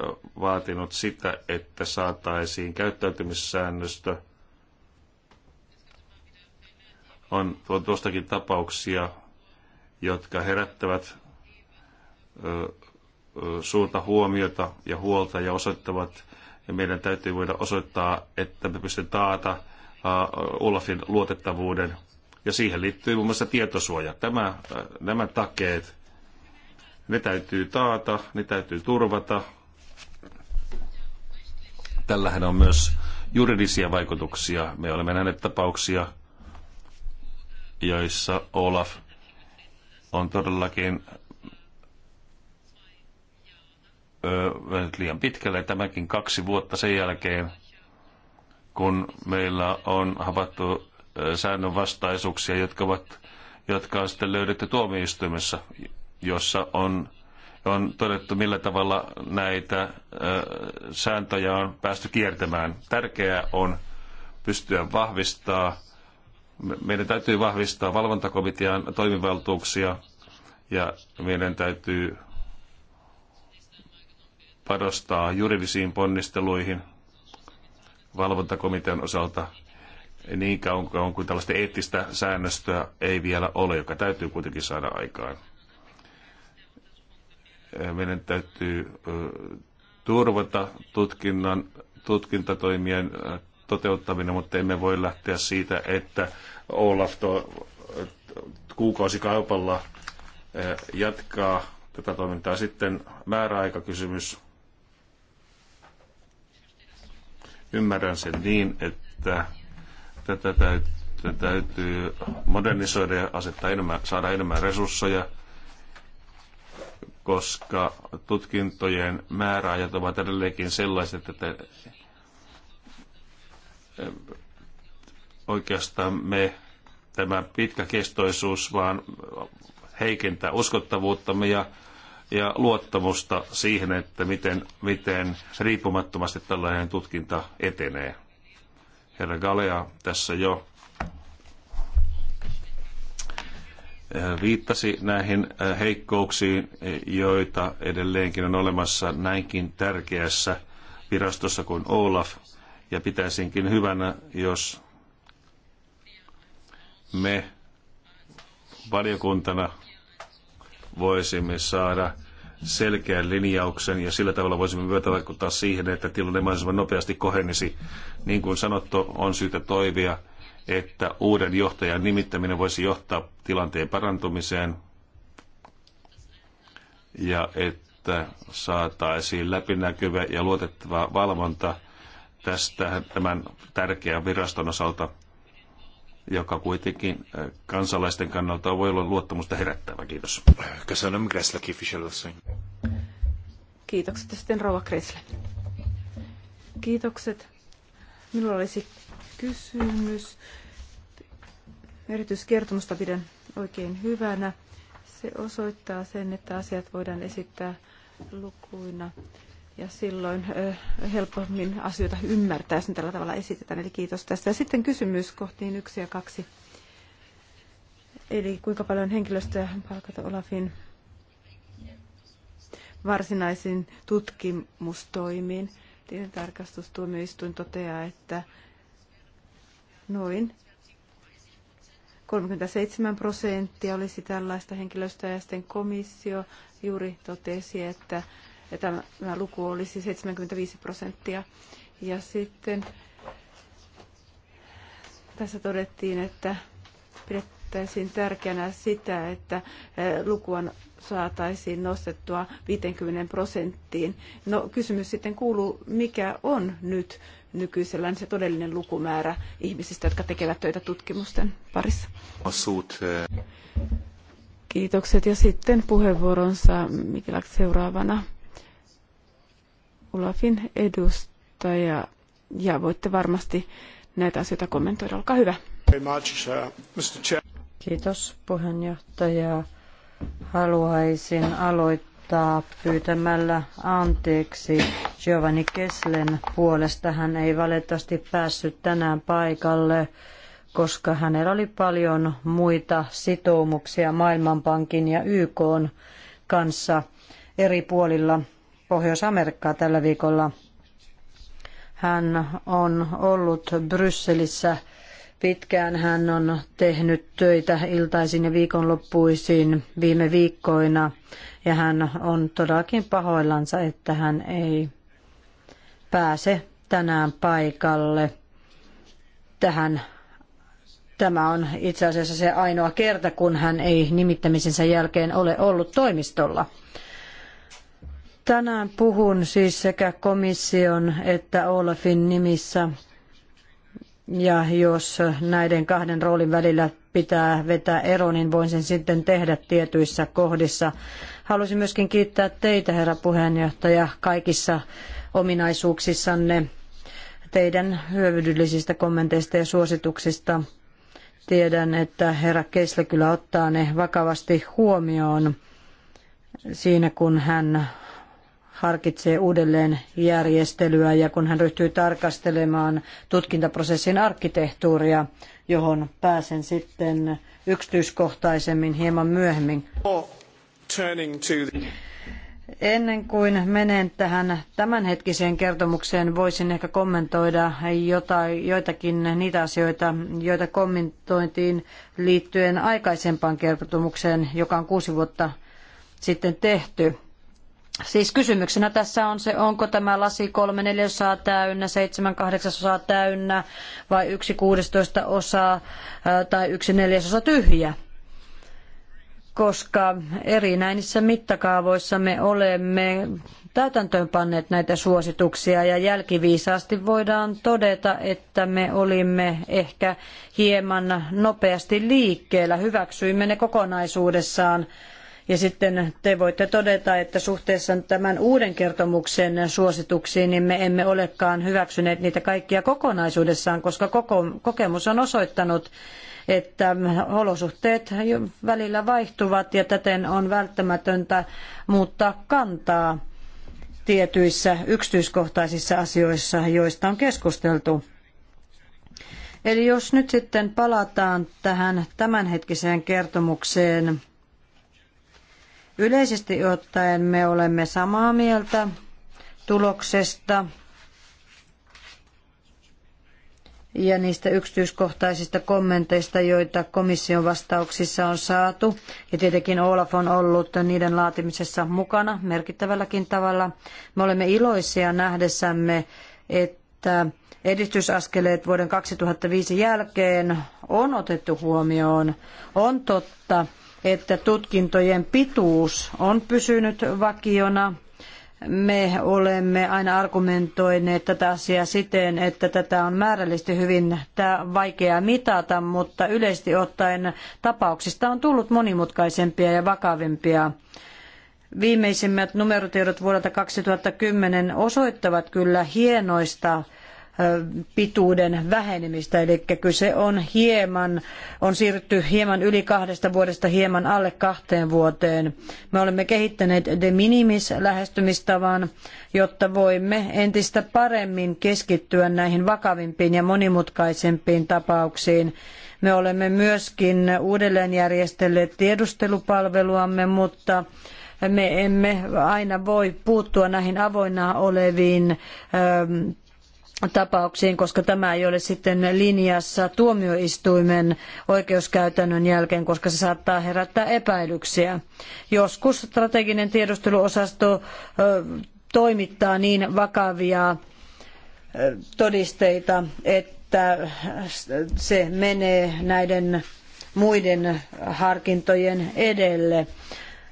eh, vaatinut sitä, että saataisiin käyttäytymissäännöstö. On tuostakin tapauksia, jotka herättävät suurta huomiota ja huolta ja osoittavat, ja meidän täytyy voida osoittaa, että me pystymme taata Olafin luotettavuuden. Ja siihen liittyy muun muassa tietosuoja. Tämä, nämä takeet, ne täytyy taata, ne täytyy turvata. Tällähän on myös juridisia vaikutuksia. Me olemme nähneet tapauksia, joissa Olaf on todellakin mennyt liian pitkälle. Tämäkin kaksi vuotta sen jälkeen, kun meillä on havaittu säännönvastaisuuksia, jotka, ovat, jotka on sitten löydetty tuomioistuimessa, jossa on, on todettu, millä tavalla näitä ö, sääntöjä on päästy kiertämään. Tärkeää on pystyä vahvistaa meidän täytyy vahvistaa valvontakomitean toimivaltuuksia ja meidän täytyy panostaa juridisiin ponnisteluihin valvontakomitean osalta niin kauan kuin, kuin tällaista eettistä säännöstöä ei vielä ole, joka täytyy kuitenkin saada aikaan. Meidän täytyy turvata tutkinnan, tutkintatoimien toteuttaminen, mutta emme voi lähteä siitä, että Olaf to, kuukausikaupalla eh, jatkaa tätä toimintaa. Sitten määräaikakysymys. Ymmärrän sen niin, että tätä täytyy, täytyy modernisoida ja asettaa enemmän, saada enemmän resursseja, koska tutkintojen määräajat ovat edelleenkin sellaiset, että oikeastaan me tämä pitkäkestoisuus vaan heikentää uskottavuuttamme ja, ja luottamusta siihen, että miten, miten riippumattomasti tällainen tutkinta etenee. Herra Galea tässä jo eh, viittasi näihin eh, heikkouksiin, eh, joita edelleenkin on olemassa näinkin tärkeässä virastossa kuin Olaf – ja pitäisinkin hyvänä, jos me valiokuntana voisimme saada selkeän linjauksen ja sillä tavalla voisimme myötävaikuttaa siihen, että tilanne mahdollisimman nopeasti kohenisi. Niin kuin sanottu, on syytä toivia, että uuden johtajan nimittäminen voisi johtaa tilanteen parantumiseen ja että saataisiin läpinäkyvä ja luotettava valvonta tästä tämän tärkeän viraston osalta, joka kuitenkin kansalaisten kannalta voi olla luottamusta herättävä. Kiitos. Kiitokset ja sitten Rova Kresle. Kiitokset. Minulla olisi kysymys. Erityiskertomusta pidän oikein hyvänä. Se osoittaa sen, että asiat voidaan esittää lukuina ja silloin helpommin asioita ymmärtää, jos ne tällä tavalla esitetään. Eli kiitos tästä. Ja sitten kysymys kohtiin yksi ja kaksi. Eli kuinka paljon henkilöstöä palkata Olafin varsinaisiin tutkimustoimiin. Tilintarkastustuomioistuin toteaa, että noin 37 prosenttia olisi tällaista henkilöstöä ja sitten komissio juuri totesi, että ja tämä, tämä luku olisi 75 prosenttia. Ja sitten tässä todettiin, että pidettäisiin tärkeänä sitä, että lukua saataisiin nostettua 50 prosenttiin. No kysymys sitten kuuluu, mikä on nyt nykyisellään se todellinen lukumäärä ihmisistä, jotka tekevät töitä tutkimusten parissa? Osuut. Kiitokset ja sitten puheenvuoronsa Mikilak seuraavana. Olafin edustaja ja voitte varmasti näitä asioita kommentoida. Olkaa hyvä. Uh, Kiitos puheenjohtaja. Haluaisin aloittaa pyytämällä anteeksi Giovanni Keslen puolesta. Hän ei valitettavasti päässyt tänään paikalle, koska hänellä oli paljon muita sitoumuksia Maailmanpankin ja YK kanssa eri puolilla Pohjois-Amerikkaa tällä viikolla. Hän on ollut Brysselissä pitkään. Hän on tehnyt töitä iltaisin ja viikonloppuisin viime viikkoina ja hän on todellakin pahoillansa, että hän ei pääse tänään paikalle tähän Tämä on itse asiassa se ainoa kerta, kun hän ei nimittämisensä jälkeen ole ollut toimistolla. Tänään puhun siis sekä komission että Olafin nimissä. Ja jos näiden kahden roolin välillä pitää vetää ero, niin voin sen sitten tehdä tietyissä kohdissa. Haluaisin myöskin kiittää teitä, herra puheenjohtaja, kaikissa ominaisuuksissanne teidän hyödyllisistä kommenteista ja suosituksista. Tiedän, että herra Kessle kyllä ottaa ne vakavasti huomioon siinä, kun hän harkitsee uudelleen järjestelyä ja kun hän ryhtyy tarkastelemaan tutkintaprosessin arkkitehtuuria, johon pääsen sitten yksityiskohtaisemmin hieman myöhemmin. Ennen kuin menen tähän tämänhetkiseen kertomukseen, voisin ehkä kommentoida jotain, joitakin niitä asioita, joita kommentointiin liittyen aikaisempaan kertomukseen, joka on kuusi vuotta sitten tehty. Siis kysymyksenä tässä on se, onko tämä lasi kolme neljäsosaa täynnä, seitsemän kahdeksasosaa täynnä vai yksi kuudestoista osaa tai yksi neljäsosa tyhjä. Koska erinäisissä mittakaavoissa me olemme täytäntöön panneet näitä suosituksia ja jälkiviisaasti voidaan todeta, että me olimme ehkä hieman nopeasti liikkeellä, hyväksyimme ne kokonaisuudessaan ja sitten te voitte todeta, että suhteessa tämän uuden kertomuksen suosituksiin niin me emme olekaan hyväksyneet niitä kaikkia kokonaisuudessaan, koska koko, kokemus on osoittanut, että olosuhteet välillä vaihtuvat ja täten on välttämätöntä muuttaa kantaa tietyissä yksityiskohtaisissa asioissa, joista on keskusteltu. Eli jos nyt sitten palataan tähän tämänhetkiseen kertomukseen, Yleisesti ottaen me olemme samaa mieltä tuloksesta ja niistä yksityiskohtaisista kommenteista, joita komission vastauksissa on saatu. Ja tietenkin Olaf on ollut niiden laatimisessa mukana merkittävälläkin tavalla. Me olemme iloisia nähdessämme, että edistysaskeleet vuoden 2005 jälkeen on otettu huomioon. On totta, että tutkintojen pituus on pysynyt vakiona. Me olemme aina argumentoineet tätä asiaa siten, että tätä on määrällisesti hyvin vaikea mitata, mutta yleisesti ottaen tapauksista on tullut monimutkaisempia ja vakavimpia. Viimeisimmät numerotiedot vuodelta 2010 osoittavat kyllä hienoista pituuden vähenemistä, eli kyse on hieman, on siirrytty hieman yli kahdesta vuodesta hieman alle kahteen vuoteen. Me olemme kehittäneet de minimis lähestymistavan, jotta voimme entistä paremmin keskittyä näihin vakavimpiin ja monimutkaisempiin tapauksiin. Me olemme myöskin uudelleenjärjestelleet tiedustelupalveluamme, mutta me emme aina voi puuttua näihin avoinna oleviin tapauksiin, koska tämä ei ole sitten linjassa tuomioistuimen oikeuskäytännön jälkeen, koska se saattaa herättää epäilyksiä. Joskus strateginen tiedusteluosasto toimittaa niin vakavia todisteita, että se menee näiden muiden harkintojen edelle.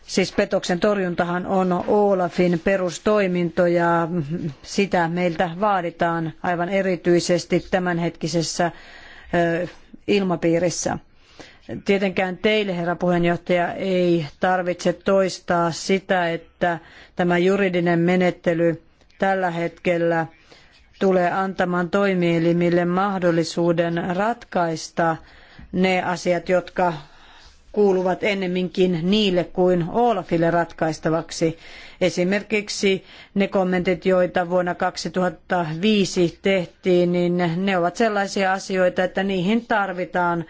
Siis petoksen torjuntahan on Olafin perustoiminto ja sitä meiltä vaaditaan aivan erityisesti tämänhetkisessä ilmapiirissä. Tietenkään teille, herra puheenjohtaja, ei tarvitse toistaa sitä, että tämä juridinen menettely tällä hetkellä tulee antamaan toimielimille mahdollisuuden ratkaista ne asiat, jotka kuuluvat ennemminkin niille kuin Olafille ratkaistavaksi. Esimerkiksi ne kommentit, joita vuonna 2005 tehtiin, niin ne ovat sellaisia asioita, että niihin tarvitaan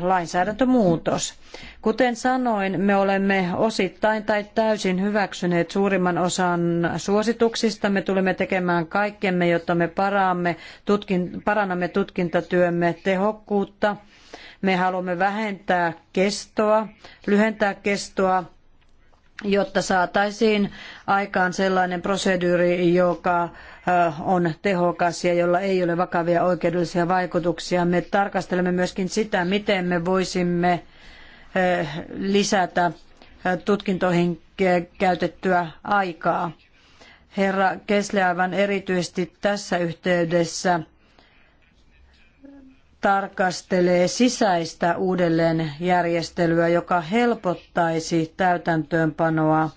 lainsäädäntömuutos. Kuten sanoin, me olemme osittain tai täysin hyväksyneet suurimman osan suosituksista. Me tulemme tekemään kaikkemme, jotta me parannamme tutkintatyömme tehokkuutta – me haluamme vähentää kestoa, lyhentää kestoa, jotta saataisiin aikaan sellainen proseduuri, joka on tehokas ja jolla ei ole vakavia oikeudellisia vaikutuksia. Me tarkastelemme myöskin sitä, miten me voisimme lisätä tutkintoihin käytettyä aikaa. Herra Kesle aivan erityisesti tässä yhteydessä tarkastelee sisäistä uudelleenjärjestelyä, joka helpottaisi täytäntöönpanoa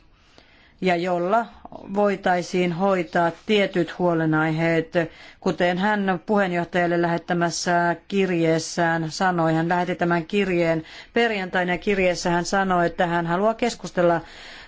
ja jolla voitaisiin hoitaa tietyt huolenaiheet, kuten hän puheenjohtajalle lähettämässä kirjeessään sanoi. Hän lähetti tämän kirjeen perjantaina ja kirjeessä hän sanoi, että hän haluaa keskustella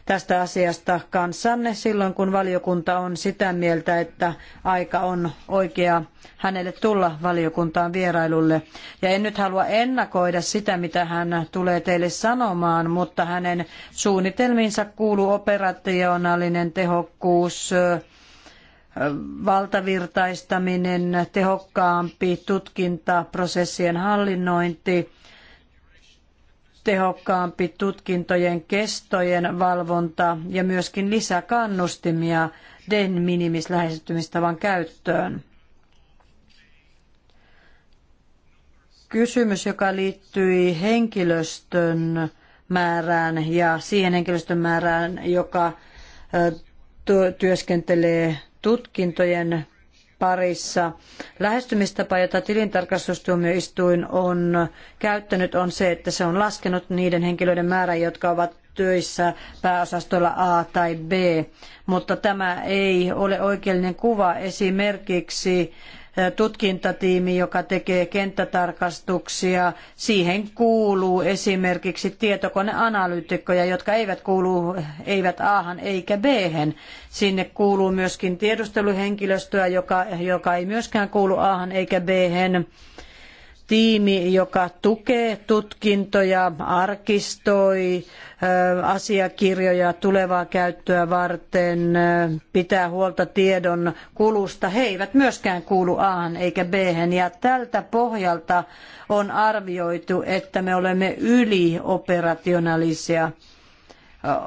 tästä asiasta kanssanne silloin, kun valiokunta on sitä mieltä, että aika on oikea hänelle tulla valiokuntaan vierailulle. Ja en nyt halua ennakoida sitä, mitä hän tulee teille sanomaan, mutta hänen suunnitelmiinsa kuuluu operationaalinen tehokkuus, valtavirtaistaminen, tehokkaampi tutkinta, prosessien hallinnointi, tehokkaampi tutkintojen kestojen valvonta ja myöskin lisäkannustimia den minimis lähestymistavan käyttöön. Kysymys, joka liittyi henkilöstön määrään ja siihen henkilöstön määrään, joka työskentelee tutkintojen parissa. Lähestymistapa, jota tilintarkastustuomioistuin on käyttänyt, on se, että se on laskenut niiden henkilöiden määrän, jotka ovat töissä pääosastoilla A tai B, mutta tämä ei ole oikeellinen kuva esimerkiksi tutkintatiimi, joka tekee kenttätarkastuksia. Siihen kuuluu esimerkiksi tietokoneanalyytikkoja, jotka eivät kuulu eivät A-han eikä B-hen. Sinne kuuluu myöskin tiedusteluhenkilöstöä, joka, joka ei myöskään kuulu A-han eikä B-hen tiimi, joka tukee tutkintoja, arkistoi asiakirjoja tulevaa käyttöä varten, pitää huolta tiedon kulusta. He eivät myöskään kuulu A eikä B. Ja tältä pohjalta on arvioitu, että me olemme ylioperationaalisia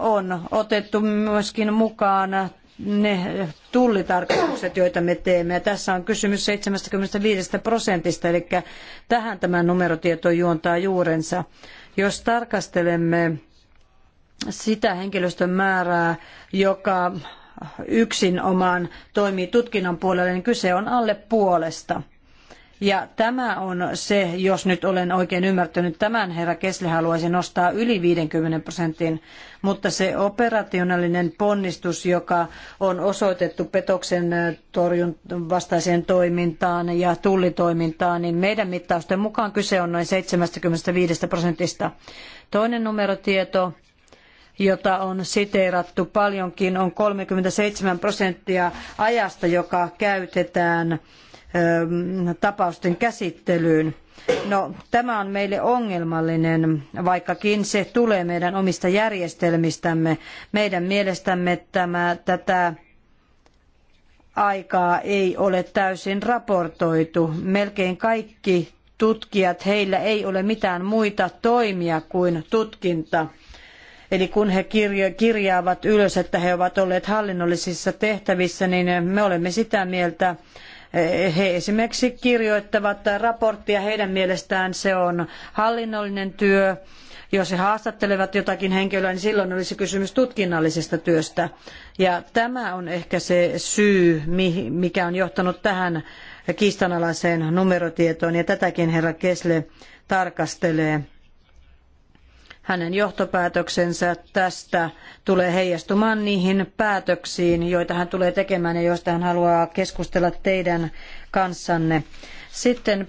on otettu myöskin mukaan ne tullitarkastukset, joita me teemme. Ja tässä on kysymys 75 prosentista, eli tähän tämä numerotieto juontaa juurensa. Jos tarkastelemme sitä henkilöstön määrää, joka yksin omaan toimii tutkinnan puolelle, niin kyse on alle puolesta – ja tämä on se, jos nyt olen oikein ymmärtänyt, tämän herra Kesle haluaisi nostaa yli 50 prosentin, mutta se operationaalinen ponnistus, joka on osoitettu petoksen äh, torjun vastaiseen toimintaan ja tullitoimintaan, niin meidän mittausten mukaan kyse on noin 75 prosentista. Toinen numerotieto, jota on siteerattu paljonkin, on 37 prosenttia ajasta, joka käytetään – Ähm, tapausten käsittelyyn. No, tämä on meille ongelmallinen, vaikkakin se tulee meidän omista järjestelmistämme. Meidän mielestämme tämä, tätä aikaa ei ole täysin raportoitu. Melkein kaikki tutkijat, heillä ei ole mitään muita toimia kuin tutkinta. Eli kun he kirjaavat ylös, että he ovat olleet hallinnollisissa tehtävissä, niin me olemme sitä mieltä, he esimerkiksi kirjoittavat raporttia, heidän mielestään se on hallinnollinen työ. Jos he haastattelevat jotakin henkilöä, niin silloin olisi kysymys tutkinnallisesta työstä. Ja tämä on ehkä se syy, mikä on johtanut tähän kiistanalaiseen numerotietoon, ja tätäkin herra Kesle tarkastelee hänen johtopäätöksensä tästä tulee heijastumaan niihin päätöksiin, joita hän tulee tekemään ja joista hän haluaa keskustella teidän kanssanne. Sitten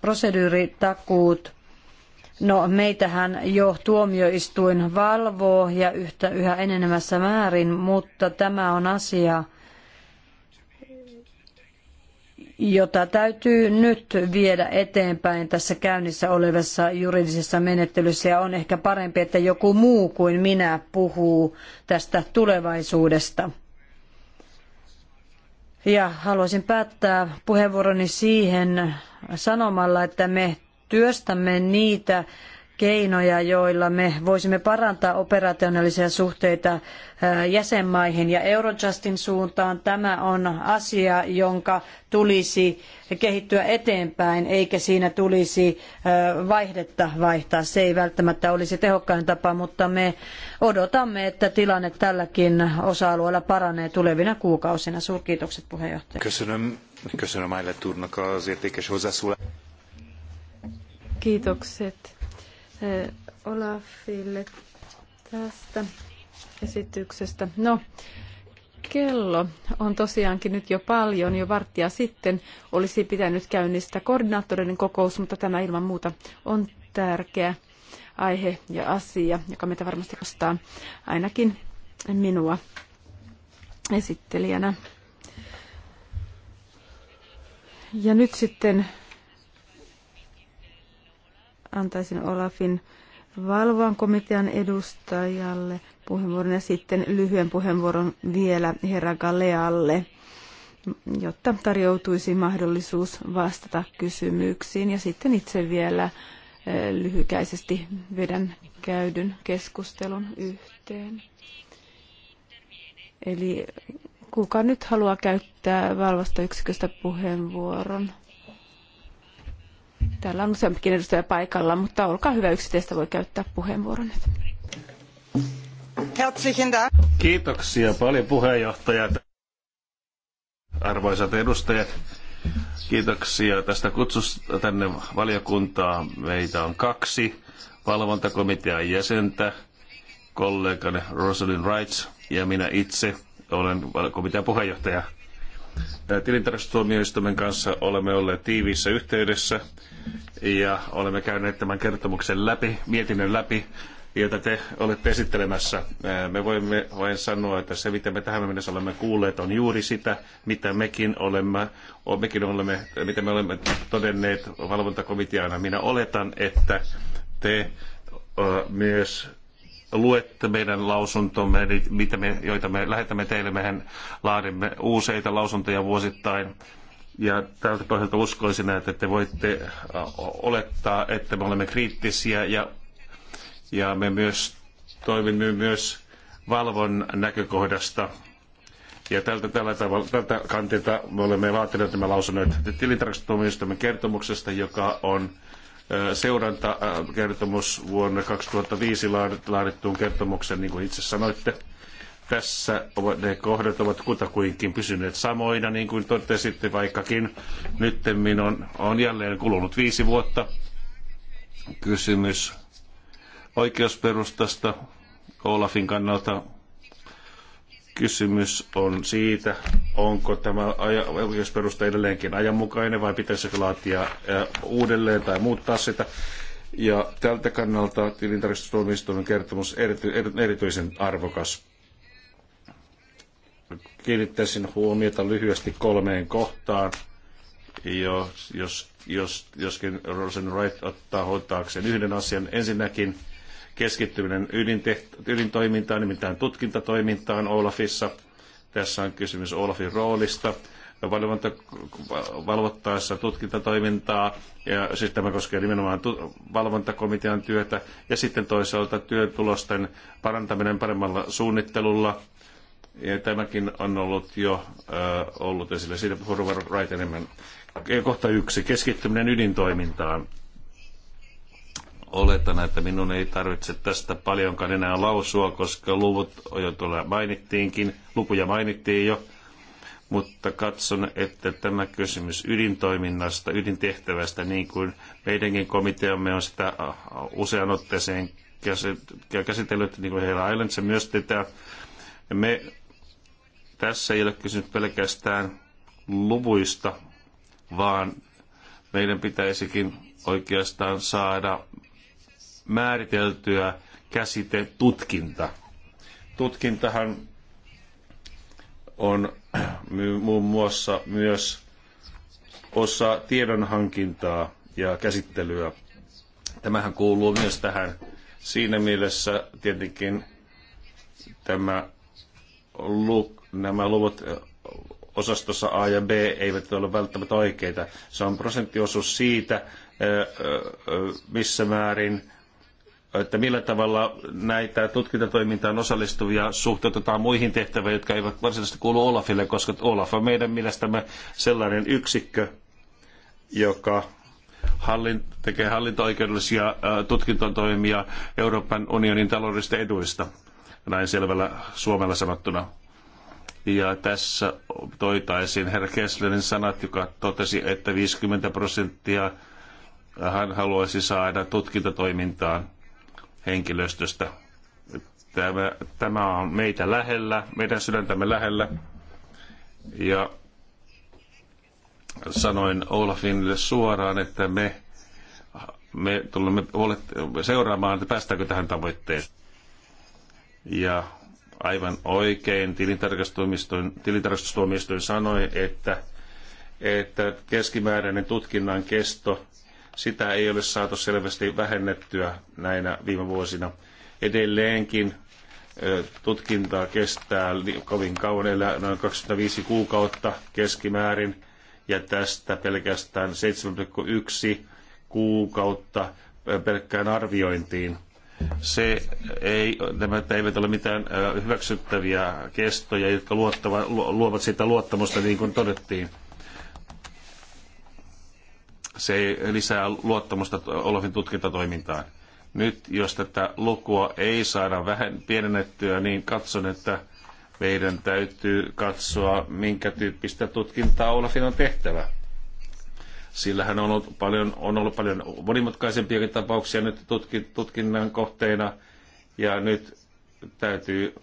proseduuritakuut. No meitähän jo tuomioistuin valvoo ja yhtä, yhä enenevässä määrin, mutta tämä on asia, jota täytyy nyt viedä eteenpäin tässä käynnissä olevassa juridisessa menettelyssä ja on ehkä parempi, että joku muu kuin minä puhuu tästä tulevaisuudesta. Ja haluaisin päättää puheenvuoroni siihen sanomalla, että me työstämme niitä keinoja, joilla me voisimme parantaa operationaalisia suhteita jäsenmaihin ja Eurojustin suuntaan. Tämä on asia, jonka tulisi kehittyä eteenpäin, eikä siinä tulisi vaihdetta vaihtaa. Se ei välttämättä olisi tehokkain tapa, mutta me odotamme, että tilanne tälläkin osa-alueella paranee tulevina kuukausina. Suurkiitokset puheenjohtaja. Kiitokset Olafille tästä esityksestä. No, kello on tosiaankin nyt jo paljon, jo varttia sitten olisi pitänyt käynnistää koordinaattoreiden kokous, mutta tämä ilman muuta on tärkeä aihe ja asia, joka meitä varmasti kostaa ainakin minua esittelijänä. Ja nyt sitten antaisin Olafin valvoan komitean edustajalle puheenvuoron ja sitten lyhyen puheenvuoron vielä herra Galealle, jotta tarjoutuisi mahdollisuus vastata kysymyksiin. Ja sitten itse vielä eh, lyhykäisesti vedän käydyn keskustelun yhteen. Eli kuka nyt haluaa käyttää valvosta yksiköstä puheenvuoron? Täällä on useampikin edustaja paikalla, mutta olkaa hyvä, yksi teistä voi käyttää puheenvuoron nyt. Kiitoksia paljon puheenjohtaja. Arvoisat edustajat, kiitoksia tästä kutsusta tänne valiokuntaan. Meitä on kaksi valvontakomitean jäsentä, kollegani Rosalind Wright ja minä itse olen komitean puheenjohtaja. Tilintarkastustuomioistuimen kanssa olemme olleet tiiviissä yhteydessä – ja olemme käyneet tämän kertomuksen läpi, mietinnön läpi, jota te olette esittelemässä. Me voimme vain sanoa, että se mitä me tähän mennessä olemme kuulleet on juuri sitä, mitä mekin olemme, mekin olemme mitä me olemme todenneet valvontakomiteana. Minä oletan, että te myös luette meidän lausuntomme, mitä me, joita me lähetämme teille. Mehän laadimme useita lausuntoja vuosittain ja tältä pohjalta uskoisin, että te voitte olettaa, että me olemme kriittisiä ja, ja me myös toimimme myös valvon näkökohdasta. Ja tältä, tällä tavalla, tältä kantilta me olemme laatineet nämä lausunnot tilintarkastustuomioistuimen kertomuksesta, joka on seurantakertomus vuonna 2005 laadittuun kertomukseen, niin kuin itse sanoitte tässä ne kohdat ovat kutakuinkin pysyneet samoina, niin kuin totesitte, vaikkakin nyt on, on jälleen kulunut viisi vuotta. Kysymys oikeusperustasta Olafin kannalta. Kysymys on siitä, onko tämä oikeusperusta edelleenkin ajanmukainen vai pitäisikö laatia uudelleen tai muuttaa sitä. Ja tältä kannalta tilintarkastustuomioistuimen kertomus erity, er- erityisen arvokas Kiinnittäisin huomiota lyhyesti kolmeen kohtaan, jos, jos, jos, joskin Rosen Wright ottaa hoitaakseen yhden asian. Ensinnäkin keskittyminen ydinteht- ydintoimintaan, nimittäin tutkintatoimintaan Olafissa. Tässä on kysymys Olafin roolista valvonta, valvottaessa tutkintatoimintaa, ja siis tämä koskee nimenomaan tu- valvontakomitean työtä, ja sitten toisaalta työtulosten parantaminen paremmalla suunnittelulla, ja tämäkin on ollut jo äh, ollut esillä. Siitä puhuu Right enemmän. Kohta yksi. Keskittyminen ydintoimintaan. Oletan, että minun ei tarvitse tästä paljonkaan enää lausua, koska luvut jo tuolla mainittiinkin, lukuja mainittiin jo, mutta katson, että tämä kysymys ydintoiminnasta, ydintehtävästä, niin kuin meidänkin komiteamme on sitä äh, usean otteeseen käsitellyt, niin kuin heillä Islands myös tätä, me tässä ei ole kysymys pelkästään luvuista, vaan meidän pitäisikin oikeastaan saada määriteltyä käsite tutkinta. Tutkintahan on muun muassa myös osa tiedonhankintaa ja käsittelyä. Tämähän kuuluu myös tähän siinä mielessä tietenkin tämä Luk nämä luvut osastossa A ja B eivät ole välttämättä oikeita. Se on prosenttiosuus siitä, missä määrin että millä tavalla näitä tutkintatoimintaan osallistuvia suhteutetaan muihin tehtäviin, jotka eivät varsinaisesti kuulu Olafille, koska Olaf on meidän mielestämme sellainen yksikkö, joka hallin, tekee hallinto-oikeudellisia tutkintatoimia Euroopan unionin taloudellisista eduista näin selvällä suomella sanottuna. Ja tässä toitaisin herra Kesslerin sanat, joka totesi, että 50 prosenttia hän haluaisi saada tutkintatoimintaan henkilöstöstä. Tämä, tämä on meitä lähellä, meidän sydäntämme lähellä. Ja sanoin Olafinille suoraan, että me, me tulemme seuraamaan, että päästäänkö tähän tavoitteeseen. Ja aivan oikein tilintarkastustuomioistuin sanoi, että, että keskimääräinen tutkinnan kesto, sitä ei ole saatu selvästi vähennettyä näinä viime vuosina. Edelleenkin tutkintaa kestää kovin kauan, eli noin 25 kuukautta keskimäärin, ja tästä pelkästään 7,1 kuukautta pelkkään arviointiin se ei, nämä eivät ole mitään hyväksyttäviä kestoja, jotka luottava, luovat sitä luottamusta, niin kuin todettiin. Se ei lisää luottamusta Olofin tutkintatoimintaan. Nyt, jos tätä lukua ei saada vähän pienennettyä, niin katson, että meidän täytyy katsoa, minkä tyyppistä tutkintaa Olafin on tehtävä Sillähän on ollut paljon, on ollut paljon monimutkaisempiakin tapauksia nyt tutkinnan kohteena. Ja nyt täytyy,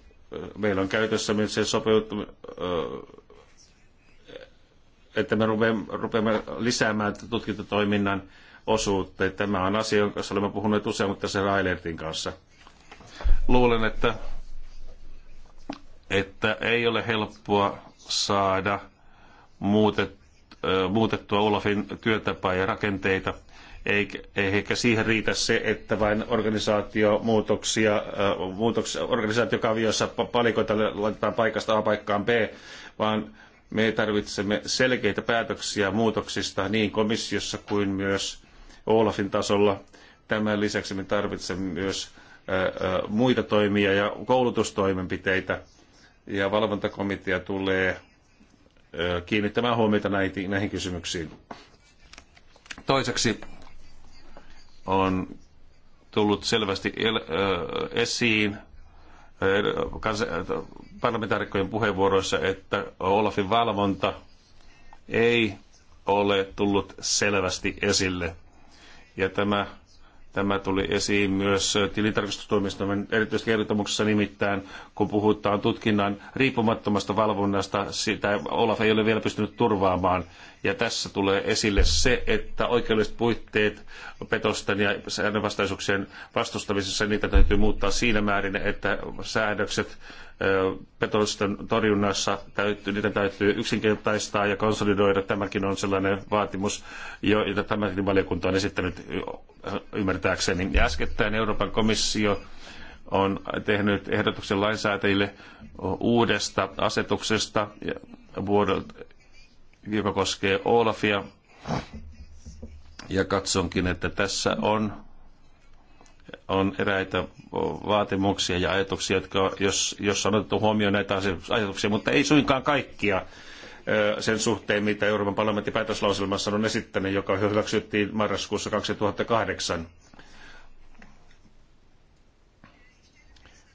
meillä on käytössä myös se sopeuttaminen, että me rupeamme lisäämään tutkintatoiminnan osuutta. Tämä on asia, jonka olemme puhuneet usein, mutta se Railertin kanssa. Luulen, että, että ei ole helppoa saada muutet, muutettua Olafin työtapaa ja rakenteita, eikä siihen riitä se, että vain organisaatiomuutoksia, muutoksia, organisaatiokaviossa palikoita laitetaan paikasta A paikkaan B, vaan me tarvitsemme selkeitä päätöksiä muutoksista niin komissiossa kuin myös Olafin tasolla. Tämän lisäksi me tarvitsemme myös muita toimia ja koulutustoimenpiteitä. Ja valvontakomitea tulee kiinnittämään huomiota näihin kysymyksiin. Toiseksi on tullut selvästi esiin parlamentaarikkojen puheenvuoroissa, että Olafin valvonta ei ole tullut selvästi esille. Ja tämä Tämä tuli esiin myös tilintarkastustoimiston erityisesti kertomuksessa nimittäin, kun puhutaan tutkinnan riippumattomasta valvonnasta, sitä Olaf ei ole vielä pystynyt turvaamaan. Ja tässä tulee esille se, että oikeudelliset puitteet petosten ja säännönvastaisuuksien vastustamisessa niitä täytyy muuttaa siinä määrin, että säädökset petosten torjunnassa täytyy, niitä täytyy yksinkertaistaa ja konsolidoida. Tämäkin on sellainen vaatimus, jota tämäkin valiokunta on esittänyt ymmärtääkseni. Ja äskettäin Euroopan komissio on tehnyt ehdotuksen lainsäätäjille uudesta asetuksesta vuodelta joka koskee Olafia. Ja katsonkin, että tässä on, on eräitä vaatimuksia ja ajatuksia, jotka, jos, jos on otettu huomioon näitä ajatuksia, mutta ei suinkaan kaikkia sen suhteen, mitä Euroopan parlamentin päätöslauselmassa on esittänyt, joka hyväksyttiin marraskuussa 2008.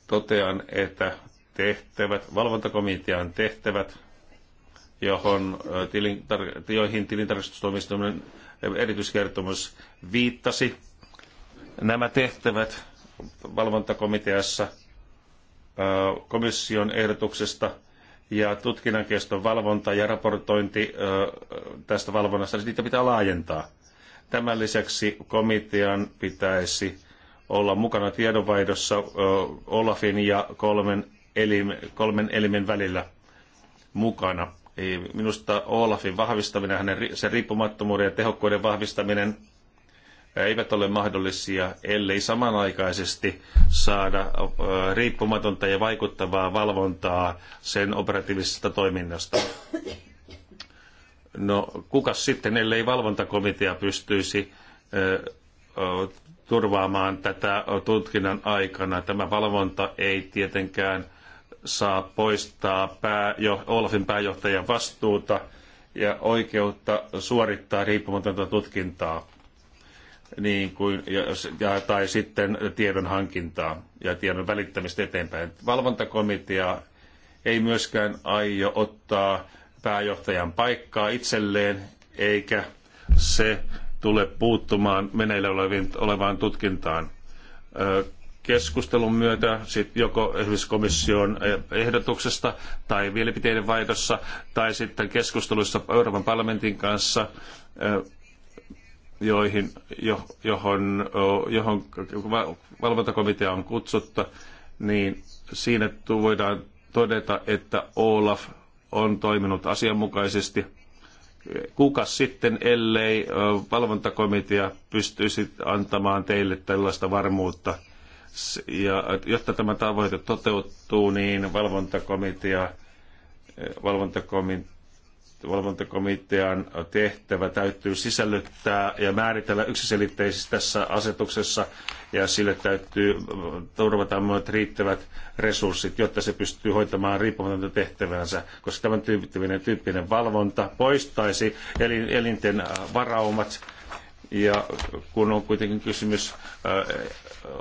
Totean, että tehtävät, valvontakomitean tehtävät johon, tilintar- joihin tilintarkastustoimiston erityiskertomus viittasi. Nämä tehtävät valvontakomiteassa komission ehdotuksesta ja tutkinnan keston valvonta ja raportointi tästä valvonnasta, niin niitä pitää laajentaa. Tämän lisäksi komitean pitäisi olla mukana tiedonvaihdossa Olafin ja kolmen, elim, kolmen elimen välillä mukana Minusta Olafin vahvistaminen, hänen sen riippumattomuuden ja tehokkuuden vahvistaminen eivät ole mahdollisia, ellei samanaikaisesti saada riippumatonta ja vaikuttavaa valvontaa sen operatiivisesta toiminnasta. No, kukas sitten, ellei valvontakomitea pystyisi turvaamaan tätä tutkinnan aikana. Tämä valvonta ei tietenkään saa poistaa pääjo- Olafin pääjohtajan vastuuta ja oikeutta suorittaa riippumatonta tutkintaa niin kuin, ja, tai sitten tiedon hankintaa ja tiedon välittämistä eteenpäin. Valvontakomitea ei myöskään aio ottaa pääjohtajan paikkaa itselleen, eikä se tule puuttumaan meneillä olevaan tutkintaan keskustelun myötä, sit joko esimerkiksi komission eh, ehdotuksesta tai mielipiteiden vaihdossa tai sitten keskusteluissa Euroopan parlamentin kanssa, eh, joihin, jo, johon, johon valvontakomitea on kutsuttu, niin siinä voidaan todeta, että Olaf on toiminut asianmukaisesti. Kuka sitten, ellei valvontakomitea pystyisi antamaan teille tällaista varmuutta – ja jotta tämä tavoite toteutuu, niin valvontakomitea, eh, valvontakomitea valvontakomitean tehtävä täytyy sisällyttää ja määritellä yksiselitteisesti tässä asetuksessa ja sille täytyy eh, turvata myös riittävät resurssit, jotta se pystyy hoitamaan riippumatonta tehtävänsä, koska tämän tyyppinen, tyyppinen valvonta poistaisi elinten eh, varaumat ja kun on kuitenkin kysymys äh,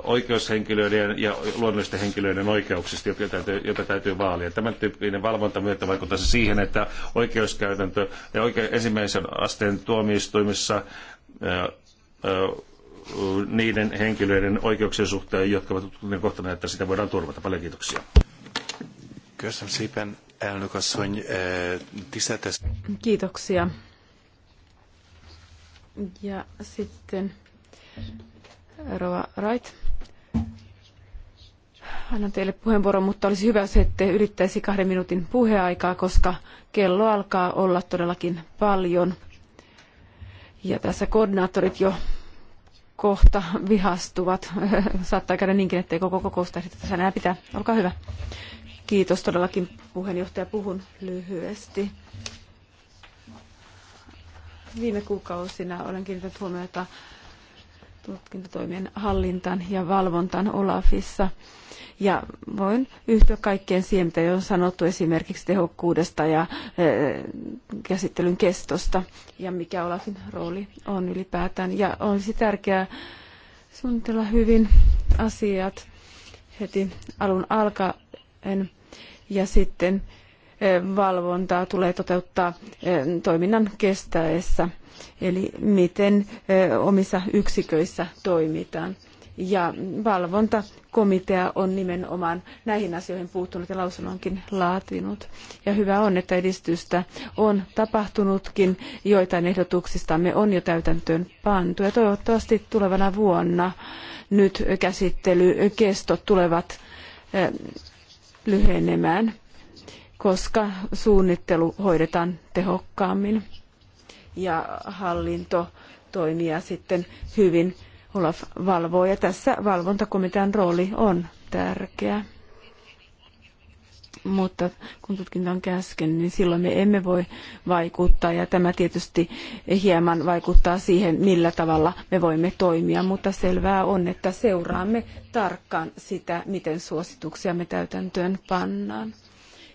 oikeushenkilöiden ja luonnollisten henkilöiden oikeuksista, joita täytyy, joita täytyy vaalia. Tämän tyyppinen valvonta myötä vaikuttaa siihen, että oikeuskäytäntö ja oikein ensimmäisen asteen tuomioistuimissa äh, äh, niiden henkilöiden oikeuksien suhteen, jotka ovat tutkinnan kohtana, että sitä voidaan turvata. Paljon kiitoksia. Eh, kiitoksia ja sitten Rova Wright. Annan teille puheenvuoron, mutta olisi hyvä, jos ette ylittäisi kahden minuutin puheaikaa, koska kello alkaa olla todellakin paljon. Ja tässä koordinaattorit jo kohta vihastuvat. [laughs] Saattaa käydä niinkin, ettei koko kokousta ehditä tässä enää pitää. Olkaa hyvä. Kiitos todellakin puheenjohtaja. Puhun lyhyesti. Viime kuukausina olen kiinnittänyt huomiota tutkintatoimien hallintaan ja valvontaan Olafissa. Ja voin yhtyä kaikkeen siihen, mitä on sanottu esimerkiksi tehokkuudesta ja eh, käsittelyn kestosta ja mikä Olafin rooli on ylipäätään. Ja olisi tärkeää suunnitella hyvin asiat heti alun alkaen ja sitten valvontaa tulee toteuttaa toiminnan kestäessä, eli miten omissa yksiköissä toimitaan. Ja valvontakomitea on nimenomaan näihin asioihin puuttunut ja lausunnonkin laatinut. Ja hyvä on, että edistystä on tapahtunutkin. Joitain ehdotuksistamme on jo täytäntöön pantu ja toivottavasti tulevana vuonna nyt käsittelykestot tulevat lyhenemään koska suunnittelu hoidetaan tehokkaammin ja hallinto toimia sitten hyvin. Olaf valvoo ja tässä valvontakomitean rooli on tärkeä. Mutta kun tutkinta on käsken, niin silloin me emme voi vaikuttaa ja tämä tietysti hieman vaikuttaa siihen, millä tavalla me voimme toimia, mutta selvää on, että seuraamme tarkkaan sitä, miten suosituksia me täytäntöön pannaan.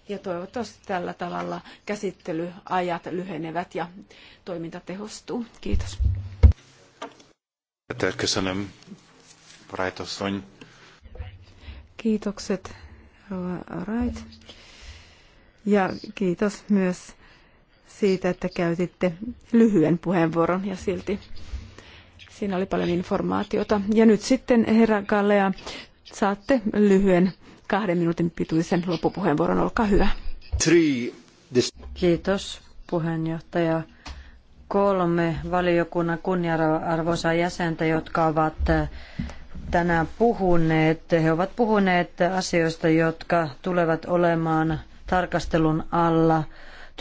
Ja toivottavasti tällä tavalla käsittelyajat lyhenevät ja toiminta tehostuu. Kiitos. Kiitokset, Right. Ja kiitos myös siitä, että käytitte lyhyen puheenvuoron ja silti siinä oli paljon informaatiota. Ja nyt sitten herra Kallea, saatte lyhyen kahden minuutin pituisen loppupuheenvuoron. Olkaa hyvä. Kiitos puheenjohtaja. Kolme valiokunnan kunnianarvoisaa jäsentä, jotka ovat eh, tänään puhuneet. He ovat puhuneet asioista, jotka tulevat olemaan tarkastelun alla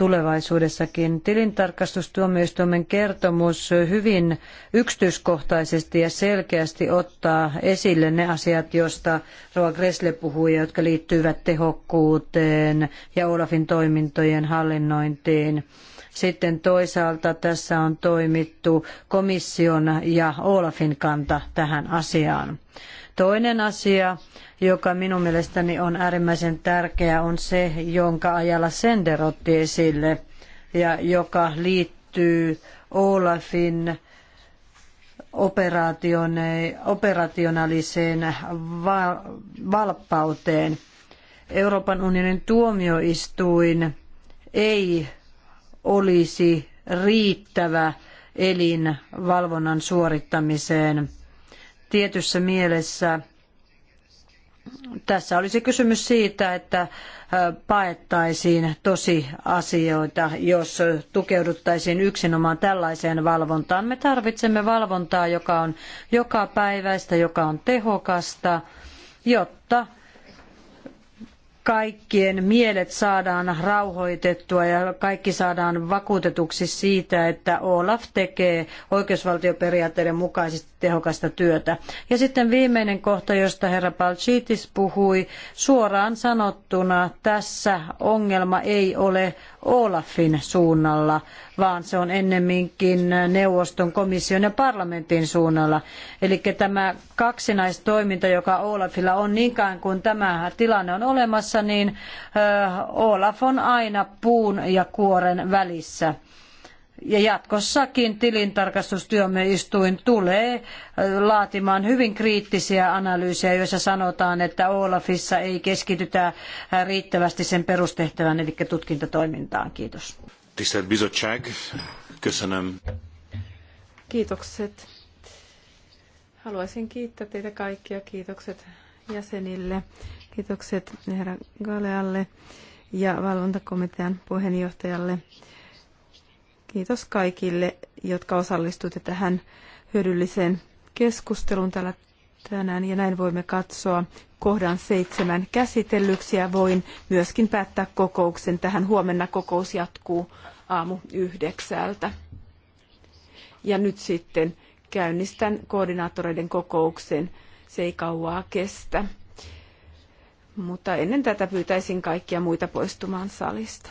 tulevaisuudessakin. Tilintarkastustuomioistuimen kertomus hyvin yksityiskohtaisesti ja selkeästi ottaa esille ne asiat, joista Roa Gressle puhui, jotka liittyvät tehokkuuteen ja Olafin toimintojen hallinnointiin. Sitten toisaalta tässä on toimittu komission ja Olafin kanta tähän asiaan. Toinen asia, joka minun mielestäni on äärimmäisen tärkeä, on se, jonka ajalla Sender otti esille ja joka liittyy Olafin operationaaliseen valppauteen. Euroopan unionin tuomioistuin ei olisi riittävä elin valvonnan suorittamiseen – tietyssä mielessä tässä olisi kysymys siitä, että paettaisiin tosi asioita, jos tukeuduttaisiin yksinomaan tällaiseen valvontaan. Me tarvitsemme valvontaa, joka on jokapäiväistä, joka on tehokasta, jotta kaikkien mielet saadaan rauhoitettua ja kaikki saadaan vakuutetuksi siitä, että Olaf tekee oikeusvaltioperiaatteiden mukaisesti tehokasta työtä. Ja sitten viimeinen kohta, josta herra Palchitis puhui, suoraan sanottuna tässä ongelma ei ole Olafin suunnalla, vaan se on ennemminkin neuvoston, komission ja parlamentin suunnalla. Eli tämä kaksinaistoiminta, joka Olafilla on, niinkään kuin tämä tilanne on olemassa, niin Olaf on aina puun ja kuoren välissä. Ja jatkossakin tilintarkastustyömeistuin tulee äh, laatimaan hyvin kriittisiä analyysejä, joissa sanotaan, että Olafissa ei keskitytä äh, riittävästi sen perustehtävään, eli tutkintatoimintaan. Kiitos. Kiitokset. Haluaisin kiittää teitä kaikkia. Kiitokset jäsenille. Kiitokset herra Galealle ja valvontakomitean puheenjohtajalle Kiitos kaikille, jotka osallistuitte tähän hyödylliseen keskusteluun täällä tänään ja näin voimme katsoa kohdan seitsemän käsitellyksi ja voin myöskin päättää kokouksen. Tähän huomenna kokous jatkuu aamu yhdeksältä. Ja nyt sitten käynnistän koordinaattoreiden kokouksen. Se ei kauaa kestä. Mutta ennen tätä pyytäisin kaikkia muita poistumaan salista.